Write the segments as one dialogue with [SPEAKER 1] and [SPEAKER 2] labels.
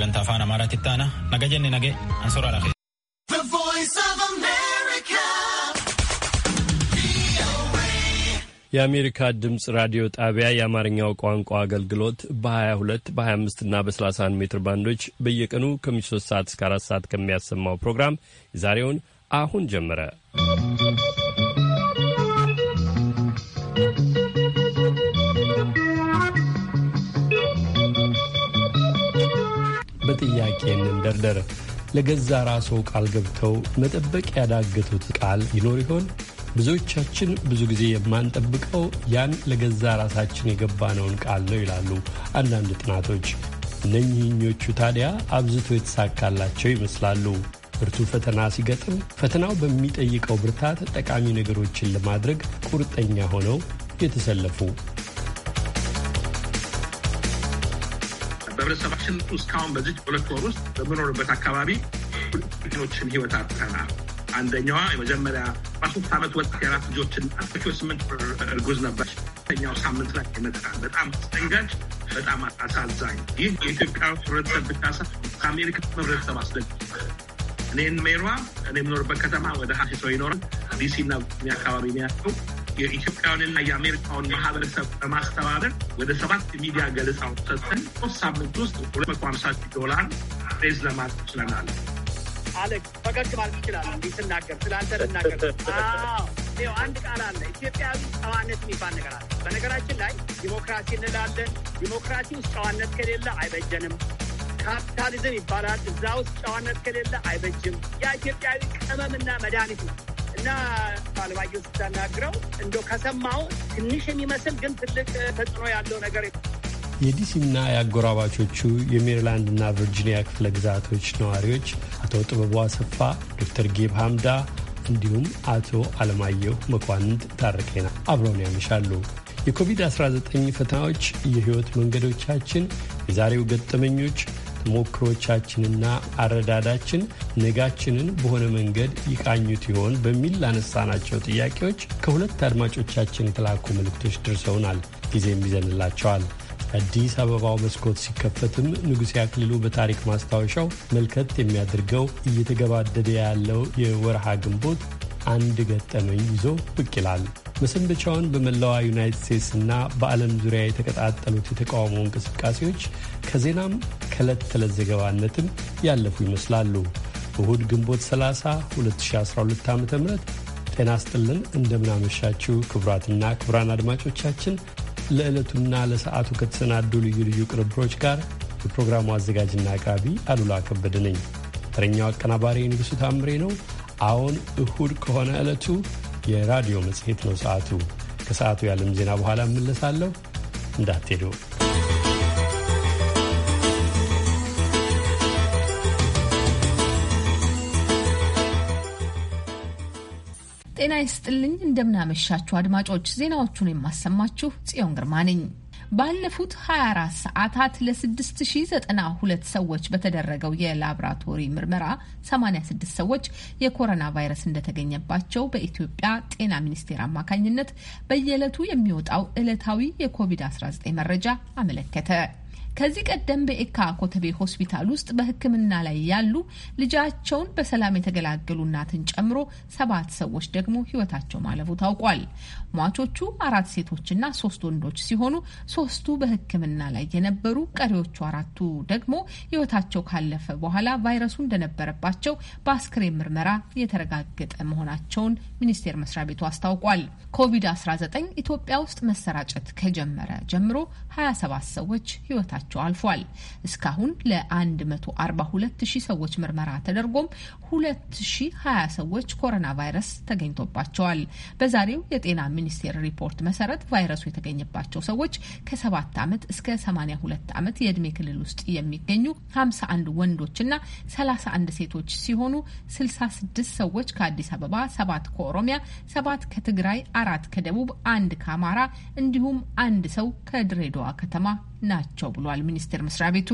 [SPEAKER 1] sagantaa afaan amaaraatti taana naga jenne nage ansoraa lafee.
[SPEAKER 2] የአሜሪካ ድምፅ ራዲዮ ጣቢያ የአማርኛው ቋንቋ አገልግሎት በ22 በ25 እና በ31 ሜትር ባንዶች በየቀኑ ከምሽቱ 3 ሰዓት እስከ 4 ሰዓት ከሚያሰማው ፕሮግራም የዛሬውን አሁን ጀመረ። ጥያቄን እንደርደር። ለገዛ ራስዎ ቃል ገብተው መጠበቅ ያዳገቱት ቃል ይኖር ይሆን? ብዙዎቻችን ብዙ ጊዜ የማንጠብቀው ያን ለገዛ ራሳችን የገባነውን ቃል ነው ይላሉ አንዳንድ ጥናቶች። እነኚህኞቹ ታዲያ አብዝቶ የተሳካላቸው ይመስላሉ። ብርቱ ፈተና ሲገጥም ፈተናው በሚጠይቀው ብርታት ጠቃሚ ነገሮችን ለማድረግ ቁርጠኛ ሆነው የተሰለፉ
[SPEAKER 3] በህብረተሰባችን እስካሁን በዚህ ሁለት ወር ውስጥ በምኖርበት አካባቢ ልጆችን ህይወት አጥተናል። አንደኛዋ የመጀመሪያ በሶስት ዓመት ወጣት የአራት ልጆችን እናት ስምንት እርጉዝ ነበር። ኛው ሳምንት ላይ ይመጣል። በጣም አስደንጋጭ፣ በጣም አሳዛኝ። ይህ የኢትዮጵያ ህብረተሰብ ብቻ ሳይሆን ከአሜሪካ ህብረተሰብ አስደግ እኔን ሜሯ እኔ የምኖርበት ከተማ ወደ ሀ ይኖረን ዲሲ እና አካባቢ ነው ያለው የኢትዮጵያውንና የአሜሪካውን ማህበረሰብ በማስተባበር ወደ ሰባት ሚዲያ ገለጻው ሰጥተን ሶስት ሳምንት ውስጥ ሁለት መቶ ሀምሳ ዶላር ሬዝ ለማድረግ ችለናል።
[SPEAKER 4] አሌክስ ፈገግ ማለት ይችላል። እንዲህ ስናገር ስለአንተ ልናገር አንድ ቃል አለ። ኢትዮጵያዊ ጨዋነት የሚባል ነገር አለ። በነገራችን ላይ ዲሞክራሲ እንላለን። ዲሞክራሲ ውስጥ ጨዋነት ከሌለ አይበጀንም። ካፒታሊዝም ይባላል። እዛ ውስጥ ጨዋነት ከሌለ አይበጅም። ያ ኢትዮጵያዊ ቅመምና መድኃኒት ነው። እና አለማየሁ ስታናግረው እንደ ከሰማው ትንሽ የሚመስል ግን ትልቅ ተጽዕኖ ያለው ነገር
[SPEAKER 2] የዲሲና የአጎራባቾቹ የሜሪላንድና ቨርጂኒያ ክፍለ ግዛቶች ነዋሪዎች አቶ ጥበቡ አሰፋ፣ ዶክተር ጌብ ሀምዳ እንዲሁም አቶ አለማየሁ መኳንንት ታርቄና አብረውን ያመሻሉ። የኮቪድ-19 ፈተናዎች፣ የህይወት መንገዶቻችን፣ የዛሬው ገጠመኞች ተሞክሮቻችንና አረዳዳችን ነጋችንን በሆነ መንገድ ይቃኙት ይሆን በሚል ላነሳናቸው ጥያቄዎች ከሁለት አድማጮቻችን የተላኩ መልእክቶች ደርሰውናል። ጊዜም ይዘንላቸዋል። አዲስ አበባው መስኮት ሲከፈትም ንጉሴ አክሊሉ በታሪክ ማስታወሻው መልከት የሚያደርገው እየተገባደደ ያለው የወርሃ ግንቦት አንድ ገጠመኝ ይዞ ብቅ ይላል። መሰንበቻውን በመላዋ ዩናይትድ ስቴትስና በዓለም ዙሪያ የተቀጣጠሉት የተቃውሞ እንቅስቃሴዎች ከዜናም ከዕለት ተዕለት ዘገባነትም ያለፉ ይመስላሉ። እሁድ ግንቦት 30 2012 ዓ ም ጤና ስጥልን እንደምናመሻችሁ ክቡራትና ክቡራን አድማጮቻችን ለዕለቱና ለሰዓቱ ከተሰናዱ ልዩ ልዩ ቅንብሮች ጋር የፕሮግራሙ አዘጋጅና አቅራቢ አሉላ ከበደ ነኝ። ተረኛው አቀናባሪ ንጉሡ ታምሬ ነው። አሁን እሁድ ከሆነ ዕለቱ የራዲዮ መጽሔት ነው ሰዓቱ። ከሰዓቱ የዓለም ዜና በኋላ እመለሳለሁ፣ እንዳትሄዱ።
[SPEAKER 5] ጤና ይስጥልኝ። እንደምናመሻችሁ አድማጮች፣ ዜናዎቹን የማሰማችሁ ጽዮን ግርማ ነኝ። ባለፉት 24 ሰዓታት ለ6092 ሰዎች በተደረገው የላብራቶሪ ምርመራ 86 ሰዎች የኮሮና ቫይረስ እንደተገኘባቸው በኢትዮጵያ ጤና ሚኒስቴር አማካኝነት በየዕለቱ የሚወጣው ዕለታዊ የኮቪድ-19 መረጃ አመለከተ። ከዚህ ቀደም በኤካ ኮተቤ ሆስፒታል ውስጥ በሕክምና ላይ ያሉ ልጃቸውን በሰላም የተገላገሉ እናትን ጨምሮ ሰባት ሰዎች ደግሞ ሕይወታቸው ማለፉ ታውቋል። ሟቾቹ አራት ሴቶችና ሶስት ወንዶች ሲሆኑ ሶስቱ በሕክምና ላይ የነበሩ፣ ቀሪዎቹ አራቱ ደግሞ ሕይወታቸው ካለፈ በኋላ ቫይረሱ እንደነበረባቸው በአስክሬን ምርመራ የተረጋገጠ መሆናቸውን ሚኒስቴር መስሪያ ቤቱ አስታውቋል። ኮቪድ-19 ኢትዮጵያ ውስጥ መሰራጨት ከጀመረ ጀምሮ 27 ሰዎች ሕይወታቸው ህይወታቸው አልፏል። እስካሁን ለ 142000 ሰዎች ምርመራ ተደርጎም 2020 ሰዎች ኮሮና ቫይረስ ተገኝቶባቸዋል። በዛሬው የጤና ሚኒስቴር ሪፖርት መሰረት ቫይረሱ የተገኘባቸው ሰዎች ከ7 ዓመት እስከ 82 ዓመት የዕድሜ ክልል ውስጥ የሚገኙ 51 ወንዶችና 31 ሴቶች ሲሆኑ 66 ሰዎች ከአዲስ አበባ፣ 7 ከኦሮሚያ፣ 7 ከትግራይ፣ አራት ከደቡብ፣ አንድ ከአማራ እንዲሁም አንድ ሰው ከድሬዳዋ ከተማ ናቸው ብሏል ሚኒስቴር መስሪያ ቤቱ።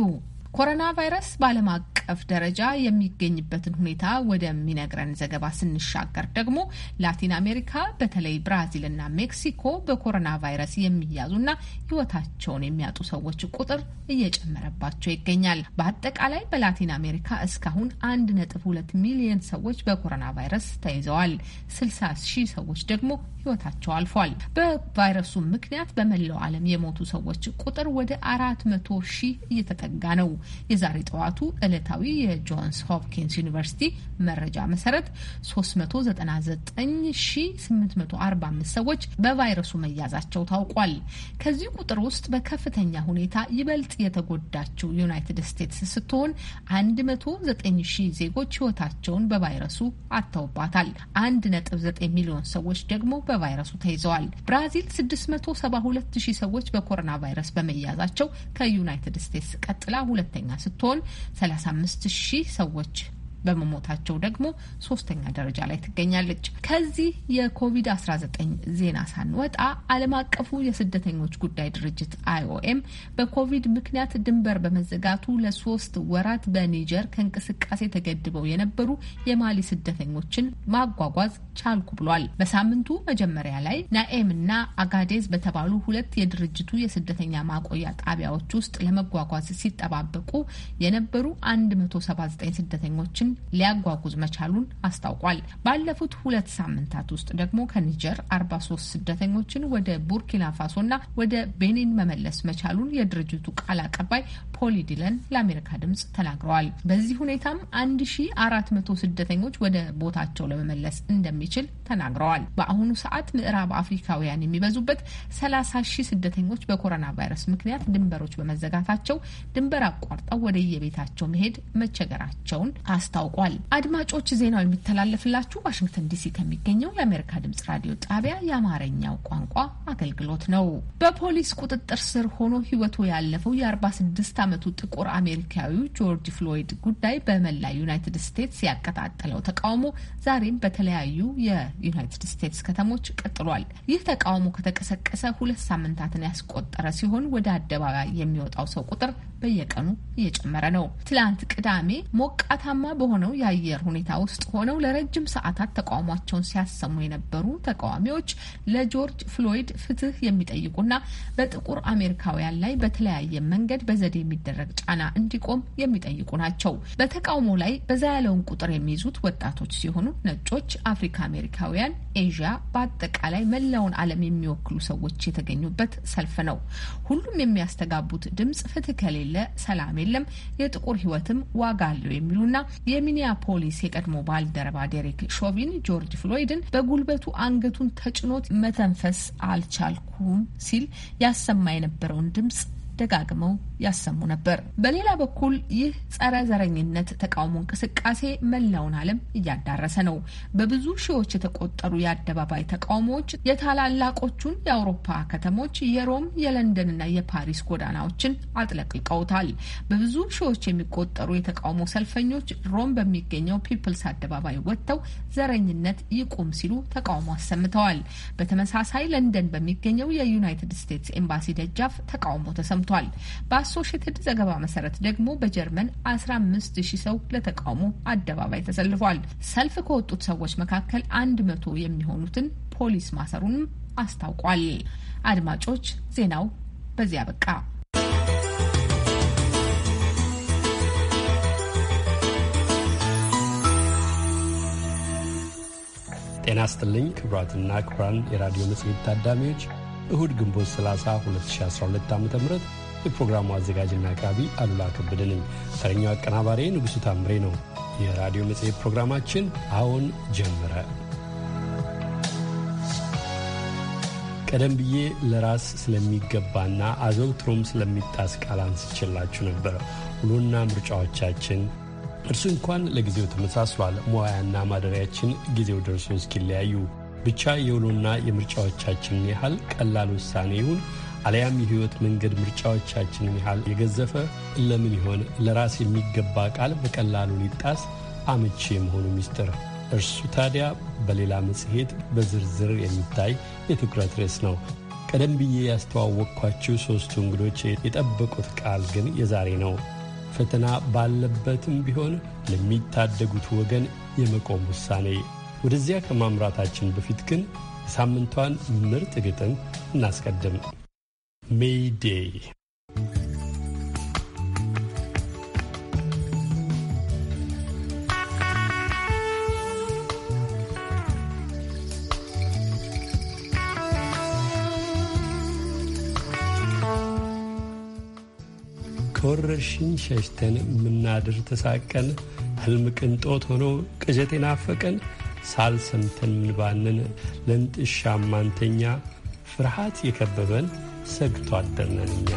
[SPEAKER 5] ኮሮና ቫይረስ በዓለም አቀፍ ደረጃ የሚገኝበትን ሁኔታ ወደሚነግረን ዘገባ ስንሻገር ደግሞ ላቲን አሜሪካ በተለይ ብራዚል እና ሜክሲኮ በኮሮና ቫይረስ የሚያዙና ሕይወታቸውን የሚያጡ ሰዎች ቁጥር እየጨመረባቸው ይገኛል። በአጠቃላይ በላቲን አሜሪካ እስካሁን አንድ ነጥብ ሁለት ሚሊዮን ሰዎች በኮሮና ቫይረስ ተይዘዋል። ስልሳ ሺህ ሰዎች ደግሞ ህይወታቸው አልፏል። በቫይረሱ ምክንያት በመላው ዓለም የሞቱ ሰዎች ቁጥር ወደ አራት መቶ ሺህ እየተጠጋ ነው። የዛሬ ጠዋቱ ዕለታዊ የጆንስ ሆፕኪንስ ዩኒቨርሲቲ መረጃ መሰረት 399845 ሰዎች በቫይረሱ መያዛቸው ታውቋል። ከዚህ ቁጥር ውስጥ በከፍተኛ ሁኔታ ይበልጥ የተጎዳችው ዩናይትድ ስቴትስ ስትሆን 109000 ዜጎች ህይወታቸውን በቫይረሱ አጥተውባታል። 1.9 ሚሊዮን ሰዎች ደግሞ በ በቫይረሱ ተይዘዋል። ብራዚል 672 ሺህ ሰዎች በኮሮና ቫይረስ በመያዛቸው ከዩናይትድ ስቴትስ ቀጥላ ሁለተኛ ስትሆን 35 ሺህ ሰዎች በመሞታቸው ደግሞ ሶስተኛ ደረጃ ላይ ትገኛለች። ከዚህ የኮቪድ-19 ዜና ሳንወጣ ዓለም አቀፉ የስደተኞች ጉዳይ ድርጅት አይኦኤም በኮቪድ ምክንያት ድንበር በመዘጋቱ ለሶስት ወራት በኒጀር ከእንቅስቃሴ ተገድበው የነበሩ የማሊ ስደተኞችን ማጓጓዝ ቻልኩ ብሏል። በሳምንቱ መጀመሪያ ላይ ናኤም እና አጋዴዝ በተባሉ ሁለት የድርጅቱ የስደተኛ ማቆያ ጣቢያዎች ውስጥ ለመጓጓዝ ሲጠባበቁ የነበሩ 179 ስደተኞችን ሊያጓጉዝ መቻሉን አስታውቋል። ባለፉት ሁለት ሳምንታት ውስጥ ደግሞ ከኒጀር 43 ስደተኞችን ወደ ቡርኪና ፋሶና ወደ ቤኒን መመለስ መቻሉን የድርጅቱ ቃል አቀባይ ፖሊ ዲለን ለአሜሪካ ድምጽ ተናግረዋል። በዚህ ሁኔታም 1400 ስደተኞች ወደ ቦታቸው ለመመለስ እንደሚችል ተናግረዋል። በአሁኑ ሰዓት ምዕራብ አፍሪካውያን የሚበዙበት 30 ሺህ ስደተኞች በኮሮና ቫይረስ ምክንያት ድንበሮች በመዘጋታቸው ድንበር አቋርጠው ወደ የቤታቸው መሄድ መቸገራቸውን አስታው አስታውቋል። አድማጮች ዜናው የሚተላለፍላችሁ ዋሽንግተን ዲሲ ከሚገኘው የአሜሪካ ድምጽ ራዲዮ ጣቢያ የአማርኛው ቋንቋ አገልግሎት ነው። በፖሊስ ቁጥጥር ስር ሆኖ ህይወቱ ያለፈው የ46 ዓመቱ ጥቁር አሜሪካዊው ጆርጅ ፍሎይድ ጉዳይ በመላ ዩናይትድ ስቴትስ ያቀጣጠለው ተቃውሞ ዛሬም በተለያዩ የዩናይትድ ስቴትስ ከተሞች ቀጥሏል። ይህ ተቃውሞ ከተቀሰቀሰ ሁለት ሳምንታትን ያስቆጠረ ሲሆን ወደ አደባባይ የሚወጣው ሰው ቁጥር በየቀኑ እየጨመረ ነው። ትላንት ቅዳሜ ሞቃታማ በሆነ በሆነው የአየር ሁኔታ ውስጥ ሆነው ለረጅም ሰዓታት ተቃውሟቸውን ሲያሰሙ የነበሩ ተቃዋሚዎች ለጆርጅ ፍሎይድ ፍትህ የሚጠይቁና በጥቁር አሜሪካውያን ላይ በተለያየ መንገድ በዘዴ የሚደረግ ጫና እንዲቆም የሚጠይቁ ናቸው። በተቃውሞ ላይ በዛ ያለውን ቁጥር የሚይዙት ወጣቶች ሲሆኑ ነጮች፣ አፍሪካ አሜሪካውያን፣ ኤዥያ፣ በአጠቃላይ መላውን ዓለም የሚወክሉ ሰዎች የተገኙበት ሰልፍ ነው። ሁሉም የሚያስተጋቡት ድምጽ ፍትህ ከሌለ ሰላም የለም፣ የጥቁር ህይወትም ዋጋ አለው የሚሉና የሚኒያፖሊስ የቀድሞ ባልደረባ ዴሪክ ሾቪን ጆርጅ ፍሎይድን በጉልበቱ አንገቱን ተጭኖት መተንፈስ አልቻልኩም ሲል ያሰማ የነበረውን ድምጽ ደጋግመው ያሰሙ ነበር። በሌላ በኩል ይህ ጸረ ዘረኝነት ተቃውሞ እንቅስቃሴ መላውን ዓለም እያዳረሰ ነው። በብዙ ሺዎች የተቆጠሩ የአደባባይ ተቃውሞዎች የታላላቆቹን የአውሮፓ ከተሞች የሮም፣ የለንደንና የፓሪስ ጎዳናዎችን አጥለቅልቀውታል። በብዙ ሺዎች የሚቆጠሩ የተቃውሞ ሰልፈኞች ሮም በሚገኘው ፒፕልስ አደባባይ ወጥተው ዘረኝነት ይቁም ሲሉ ተቃውሞ አሰምተዋል። በተመሳሳይ ለንደን በሚገኘው የዩናይትድ ስቴትስ ኤምባሲ ደጃፍ ተቃውሞ ተሰምቷል። ተሰምቷል። በአሶሽትድ ዘገባ መሰረት ደግሞ በጀርመን 15 ሺህ ሰው ለተቃውሞ አደባባይ ተሰልፏል። ሰልፍ ከወጡት ሰዎች መካከል አንድ መቶ የሚሆኑትን ፖሊስ ማሰሩንም አስታውቋል። አድማጮች፣ ዜናው በዚያ በቃ።
[SPEAKER 2] ጤና ስትልኝ ክቡራትና ክቡራን የራዲዮ መጽሔት ታዳሚዎች እሁድ ግንቦት 30 2012 ዓ ም የፕሮግራሙ አዘጋጅና አቅራቢ አሉላ ከበደ ነኝ። ተረኛው አቀናባሪ ንጉሡ ታምሬ ነው። የራዲዮ መጽሔት ፕሮግራማችን አሁን ጀመረ። ቀደም ብዬ ለራስ ስለሚገባና አዘውትሮም ስለሚጣስ ቃል አንስችላችሁ ነበር። ውሎና ምርጫዎቻችን እርሱ እንኳን ለጊዜው ተመሳስሏል። መዋያና ማደሪያችን ጊዜው ደርሶ እስኪለያዩ ብቻ የውሎና የምርጫዎቻችንን ያህል ቀላል ውሳኔ ይሁን አሊያም የህይወት መንገድ ምርጫዎቻችንን ያህል የገዘፈ ለምን ይሆን ለራስ የሚገባ ቃል በቀላሉ ሊጣስ አመቺ የመሆኑ ሚስጥር እርሱ ታዲያ በሌላ መጽሔት በዝርዝር የሚታይ የትኩረት ርዕስ ነው። ቀደም ብዬ ያስተዋወቅኳችሁ ሦስቱ እንግዶች የጠበቁት ቃል ግን የዛሬ ነው። ፈተና ባለበትም ቢሆን ለሚታደጉት ወገን የመቆም ውሳኔ ወደዚያ ከማምራታችን በፊት ግን ሳምንቷን ምርጥ ግጥም እናስቀድም። ሜይዴ ከወረርሽኝ ሸሽተን ምናድር ተሳቀን ህልም ቅንጦት ሆኖ ቅዠት የናፈቀን ሳልሰምተን ምንባንን ለንጥሻ ማንተኛ ፍርሃት የከበበን ሰግቶ አደርነንኛ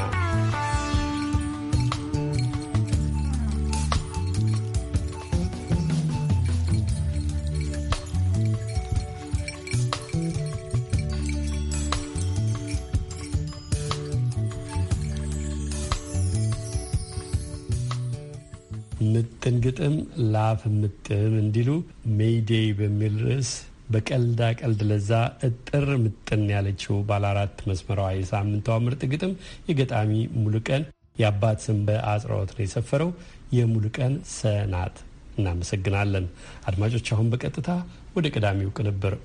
[SPEAKER 2] ያሉትን ግጥም ላፍ ምጥም እንዲሉ ሜይዴይ በሚል ርዕስ በቀልዳ ቀልድ ለዛ እጥር ምጥን ያለችው ባለ አራት መስመሯ የሳምንቷ ምርጥ ግጥም የገጣሚ ሙሉቀን የአባት ስም በአጽሮት ነው የሰፈረው። የሙሉቀን ሰናት እናመሰግናለን። አድማጮች አሁን በቀጥታ ወደ ቀዳሚው ቅንብር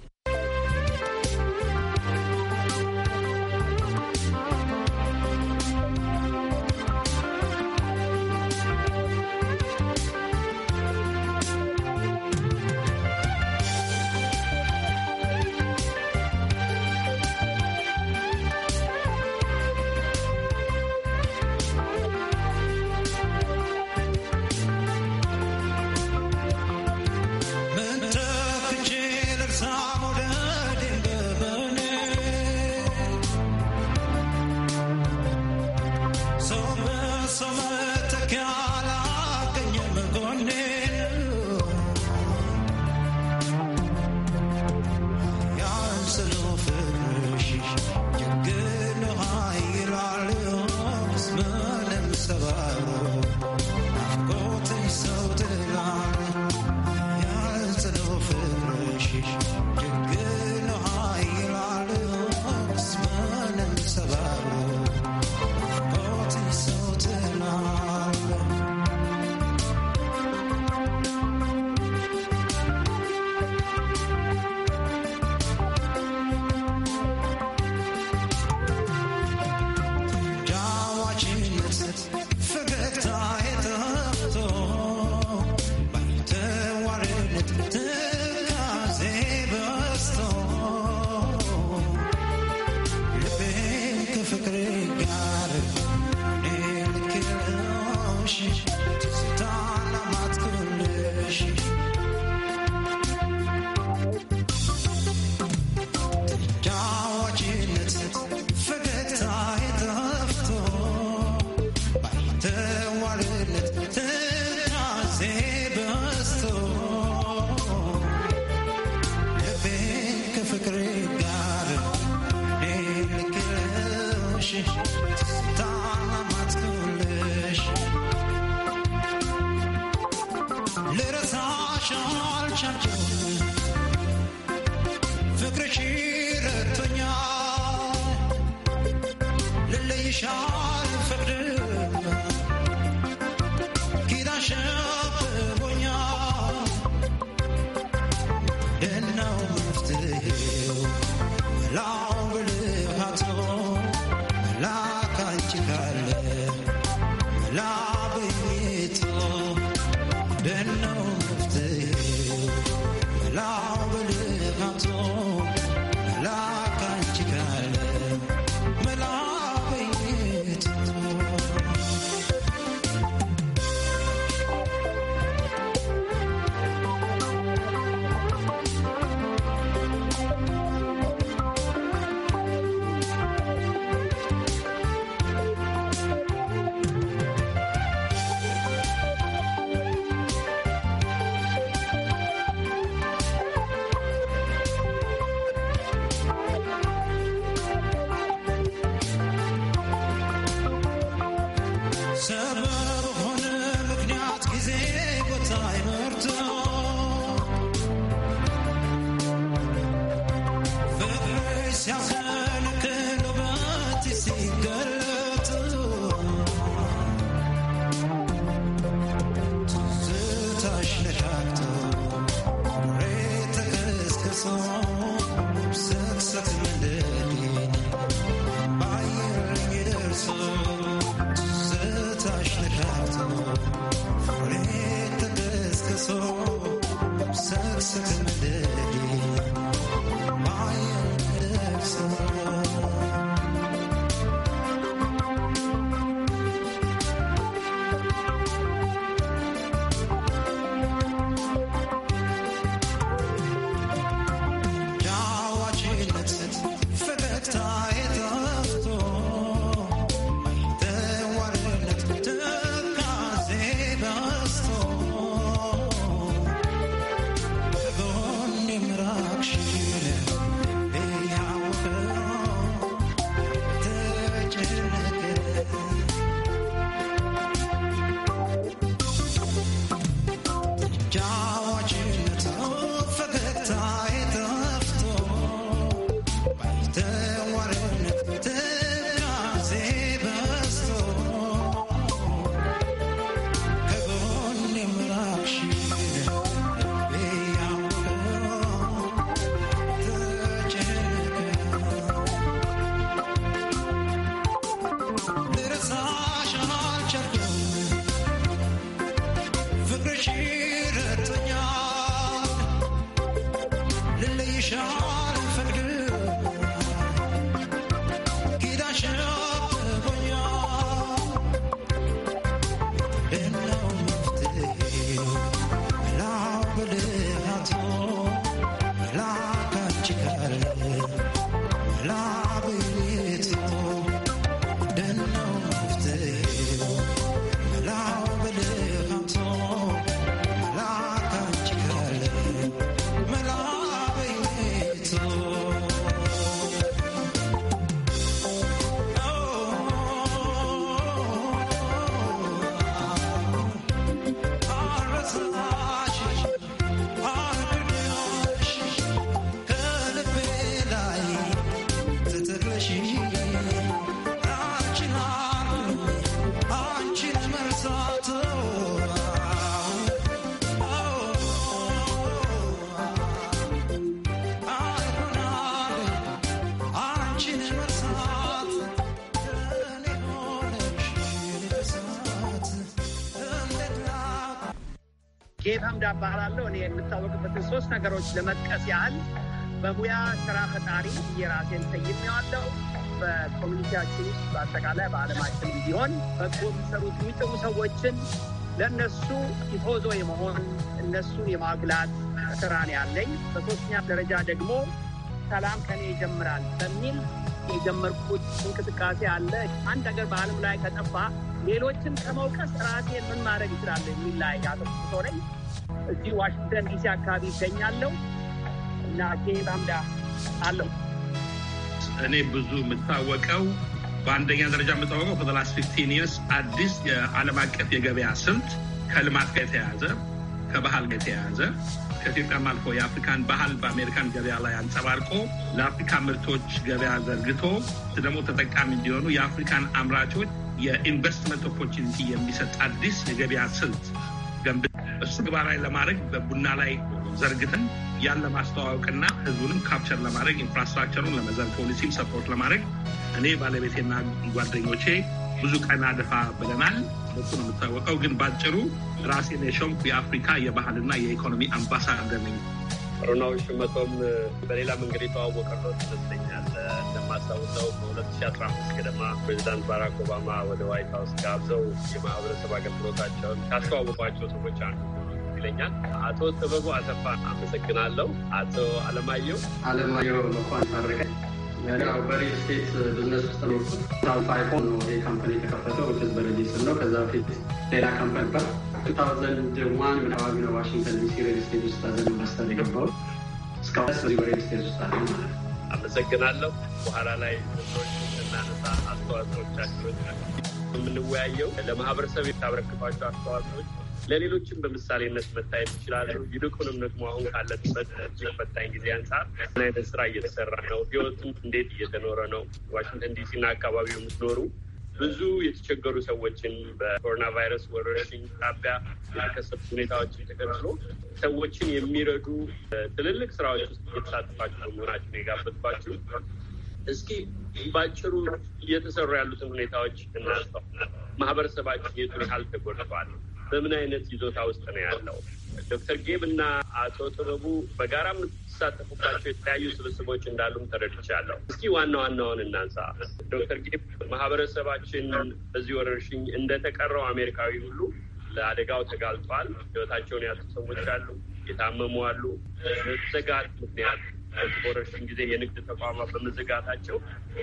[SPEAKER 6] Let us all show
[SPEAKER 4] እባላለሁ። እኔ የምታወቅበትን ሶስት ነገሮች ለመጥቀስ ያህል በሙያ ስራ ፈጣሪ የራሴን ሰይሜዋለሁ። በኮሚኒቲያችን ውስጥ በአጠቃላይ በዓለማችን ቢሆን በጎ የሚሰሩት የሚጥሩ ሰዎችን ለእነሱ ቲፎዞ የመሆን እነሱን የማጉላት ስራን ያለኝ። በሶስተኛ ደረጃ ደግሞ ሰላም ከኔ ይጀምራል በሚል የጀመርኩት እንቅስቃሴ አለ። አንድ ነገር በዓለም ላይ ከጠፋ ሌሎችን ከመውቀስ ራሴን ምን ማድረግ ይችላለሁ የሚል ላይ ያተኩሶ ነኝ። እዚህ ዋሽንግተን ዲሲ አካባቢ ይገኛለሁ እና ኬባምዳ አለው።
[SPEAKER 3] እኔ ብዙ የምታወቀው በአንደኛ ደረጃ የምታወቀው በተላስ ፊፍቲን አዲስ የዓለም አቀፍ የገበያ ስልት ከልማት ጋር የተያያዘ ከባህል ጋር የተያያዘ ከኢትዮጵያም አልፎ የአፍሪካን ባህል በአሜሪካን ገበያ ላይ አንጸባርቆ ለአፍሪካ ምርቶች ገበያ ዘርግቶ ደግሞ ተጠቃሚ እንዲሆኑ የአፍሪካን አምራቾች የኢንቨስትመንት ኦፖርቹኒቲ የሚሰጥ አዲስ የገበያ ስልት ተግባራዊ ለማድረግ በቡና ላይ ዘርግተን ያን ለማስተዋወቅና ህዝቡንም ካፕቸር ለማድረግ ኢንፍራስትራክቸሩን ለመዘር ፖሊሲም ሰፖርት ለማድረግ እኔ ባለቤቴና ጓደኞቼ ብዙ ቀና ደፋ ብለናል። ነው የምታወቀው። ግን ባጭሩ ራሴን
[SPEAKER 2] የሾምኩ የአፍሪካ የባህልና የኢኮኖሚ አምባሳደር ነኝ። ሮናዊ ሽመቶም በሌላ መንገድ ነው ይመስለኛል። እንደማስታውሰው በ2015 ገደማ ፕሬዚዳንት ባራክ ኦባማ ወደ ዋይት ሀውስ ጋብዘው የማህበረሰብ አገልግሎታቸውን ካስተዋወቋቸው ሰዎች አንዱ ይመስለኛል። አቶ ጥበቡ አሰፋ አመሰግናለሁ። አቶ አለማየሁ አለማየሁ መኳን ታረቀ
[SPEAKER 1] ያው በሪል ስቴት ብዝነስ ውስጥ ነው ሳይሆን ነው ይሄ ካምፓኒ የተከፈተው በሌሊት ስል ነው። ከዛ በፊት ሌላ ካምፓኒ ነበር። ቱ ታውዘንድ
[SPEAKER 7] ዋን ምናባቢ ነው ዋሽንግተን ዲሲ ሪል ስቴት ውስጥ ዘን ኢንቨስተር የገባው እስካሁን በዚህ በሪል
[SPEAKER 2] ስቴት ውስጥ አለ ማለት ነው። አመሰግናለሁ። በኋላ ላይ ዞች እናነሳ አስተዋጽኦቻቸው የምንወያየው ለማህበረሰብ የታበረክቷቸው አስተዋጽኦች ለሌሎችም በምሳሌነት መታየት ይችላሉ። ይልቁንም ደግሞ አሁን ካለበት ፈታኝ ጊዜ አንጻር ምን አይነት ስራ እየተሰራ ነው፣ ህይወቱም እንዴት እየተኖረ ነው። ዋሽንግተን ዲሲና አካባቢው የምትኖሩ ብዙ የተቸገሩ ሰዎችን በኮሮና ቫይረስ ወረርሽኝ ሳቢያ የተከሰቱ ሁኔታዎችን ተከትሎ ሰዎችን የሚረዱ ትልልቅ ስራዎች ውስጥ እየተሳተፋችሁ መሆናችሁን የጋበዝኳችሁ፣ እስኪ ባጭሩ እየተሰሩ ያሉትን ሁኔታዎች እናስተው። ማህበረሰባችን የቱን ያህል ተጎድተዋል? በምን አይነት ይዞታ ውስጥ ነው ያለው? ዶክተር ጌብ እና አቶ ጥበቡ በጋራ የምትሳተፉባቸው የተለያዩ ስብስቦች እንዳሉም ተረድቻለሁ። እስኪ ዋና ዋናውን እናንሳ። ዶክተር ጌብ ማህበረሰባችን በዚህ ወረርሽኝ እንደተቀረው አሜሪካዊ ሁሉ ለአደጋው ተጋልጧል። ህይወታቸውን ያጡ ሰዎች አሉ፣ የታመሙ አሉ። መዘጋት ምክንያት ወረርሽኝ ጊዜ የንግድ ተቋማት በመዘጋታቸው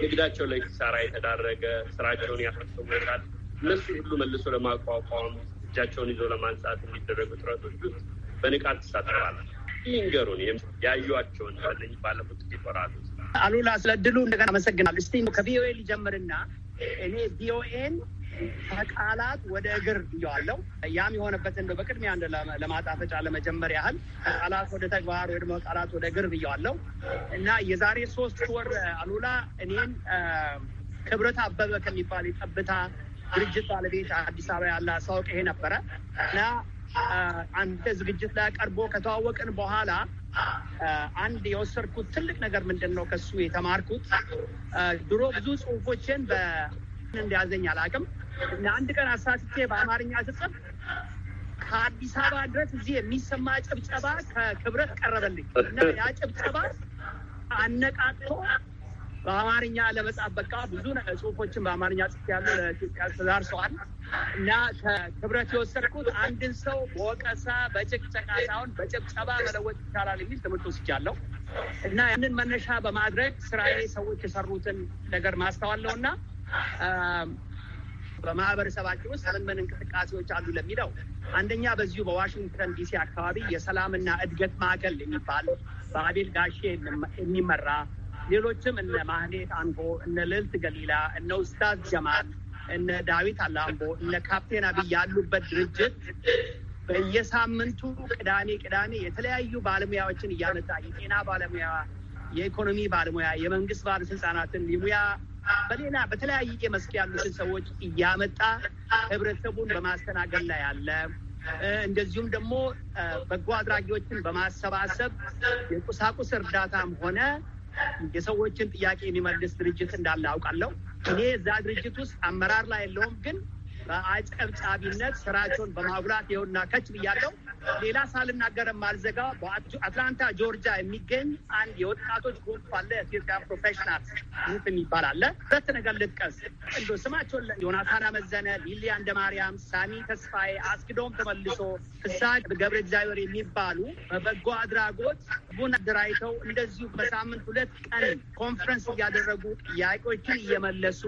[SPEAKER 2] ንግዳቸው ላይ የተዳረገ ስራቸውን ያጡ ሰዎች አሉ። እነሱ ሁሉ መልሶ ለማቋቋም እጃቸውን ይዞ ለማንሳት የሚደረጉ ጥረቶች ውስጥ በንቃት ትሳተፋለች። ይንገሩን ያዩቸውን ለኝ
[SPEAKER 4] ባለፉት ጥቂት ወራት ውስጥ አሉላ ስለ እድሉ እንደገና አመሰግናለሁ። እስቲ ከቪኦኤ ሊጀምርና እኔ ቪኦኤን ከቃላት ወደ እግር እየዋለው ያም የሆነበትን ነው። በቅድሚያ አንድ ለማጣፈጫ ለመጀመር ያህል ከቃላት ወደ ተግባር ወይ ደግሞ ቃላት ወደ እግር እየዋለው እና የዛሬ ሶስት ወር አሉላ እኔን ክብረት አበበ ከሚባል የጠብታ ድርጅት ባለቤት አዲስ አበባ ያለ አሳውቅ ይሄ ነበረ እና አንተ ዝግጅት ላይ ቀርቦ ከተዋወቅን በኋላ አንድ የወሰድኩት ትልቅ ነገር ምንድን ነው ከሱ የተማርኩት ድሮ ብዙ ጽሁፎችን በ እንደያዘኝ አላቅም እና አንድ ቀን አሳስቼ በአማርኛ ስጽፍ ከአዲስ አበባ ድረስ እዚህ የሚሰማ ጭብጨባ ከክብረት ቀረበልኝ እና ያ ጭብጨባ አነቃቅቶ በአማርኛ ለመጻፍ በቃ ብዙ ጽሁፎችን በአማርኛ ጽፍ ያሉ ለኢትዮጵያ ተዳርሰዋል እና ከክብረት የወሰድኩት አንድን ሰው በወቀሳ በጭቅጨቃ ሳይሆን በጭብጨባ መለወጥ ይቻላል የሚል ትምህርት ወስጃለሁ እና ያንን መነሻ በማድረግ ስራዬ ሰዎች የሰሩትን ነገር ማስተዋለው እና በማህበረሰባችን ውስጥ ምን ምን እንቅስቃሴዎች አሉ ለሚለው አንደኛ በዚሁ በዋሽንግተን ዲሲ አካባቢ የሰላምና እድገት ማዕከል የሚባል በአቤል ጋሼ የሚመራ ሌሎችም እነ ማህሌት አንቦ፣ እነ ልዕልት ገሊላ፣ እነ ኡስታዝ ጀማል፣ እነ ዳዊት አላምቦ፣ እነ ካፕቴን አብይ ያሉበት ድርጅት በየሳምንቱ ቅዳሜ ቅዳሜ የተለያዩ ባለሙያዎችን እያመጣ የጤና ባለሙያ፣ የኢኮኖሚ ባለሙያ፣ የመንግስት ባለስልጣናትን የሙያ በሌላ በተለያየ መስክ ያሉትን ሰዎች እያመጣ ህብረተሰቡን በማስተናገድ ላይ ያለ እንደዚሁም ደግሞ በጎ አድራጊዎችን በማሰባሰብ የቁሳቁስ እርዳታም ሆነ የሰዎችን ጥያቄ የሚመልስ ድርጅት እንዳለ አውቃለሁ። እኔ እዛ ድርጅት ውስጥ አመራር ላይ የለውም፣ ግን በአጨብጫቢነት ስራቸውን በማጉላት ይኸውና ከች ብያለው። ሌላ ሳልናገርም አልዘጋ። በአትላንታ ጆርጂያ የሚገኝ አንድ የወጣቶች ግሩፕ አለ፣ ኢትዮጵያ ፕሮፌሽናል ግሩፕ የሚባል አለ። ሁለት ነገር ልጥቀስ እንዶ ስማቸውን ዮናታን አመዘነ፣ ሊሊያ አንደ ማርያም፣ ሳሚ ተስፋዬ፣ አስክዶም ተመልሶ፣ እሳ ገብረ እግዚአብሔር የሚባሉ በበጎ አድራጎት ቡን አደራጅተው እንደዚሁ በሳምንት ሁለት ቀን ኮንፈረንስ እያደረጉ ጥያቄዎችን እየመለሱ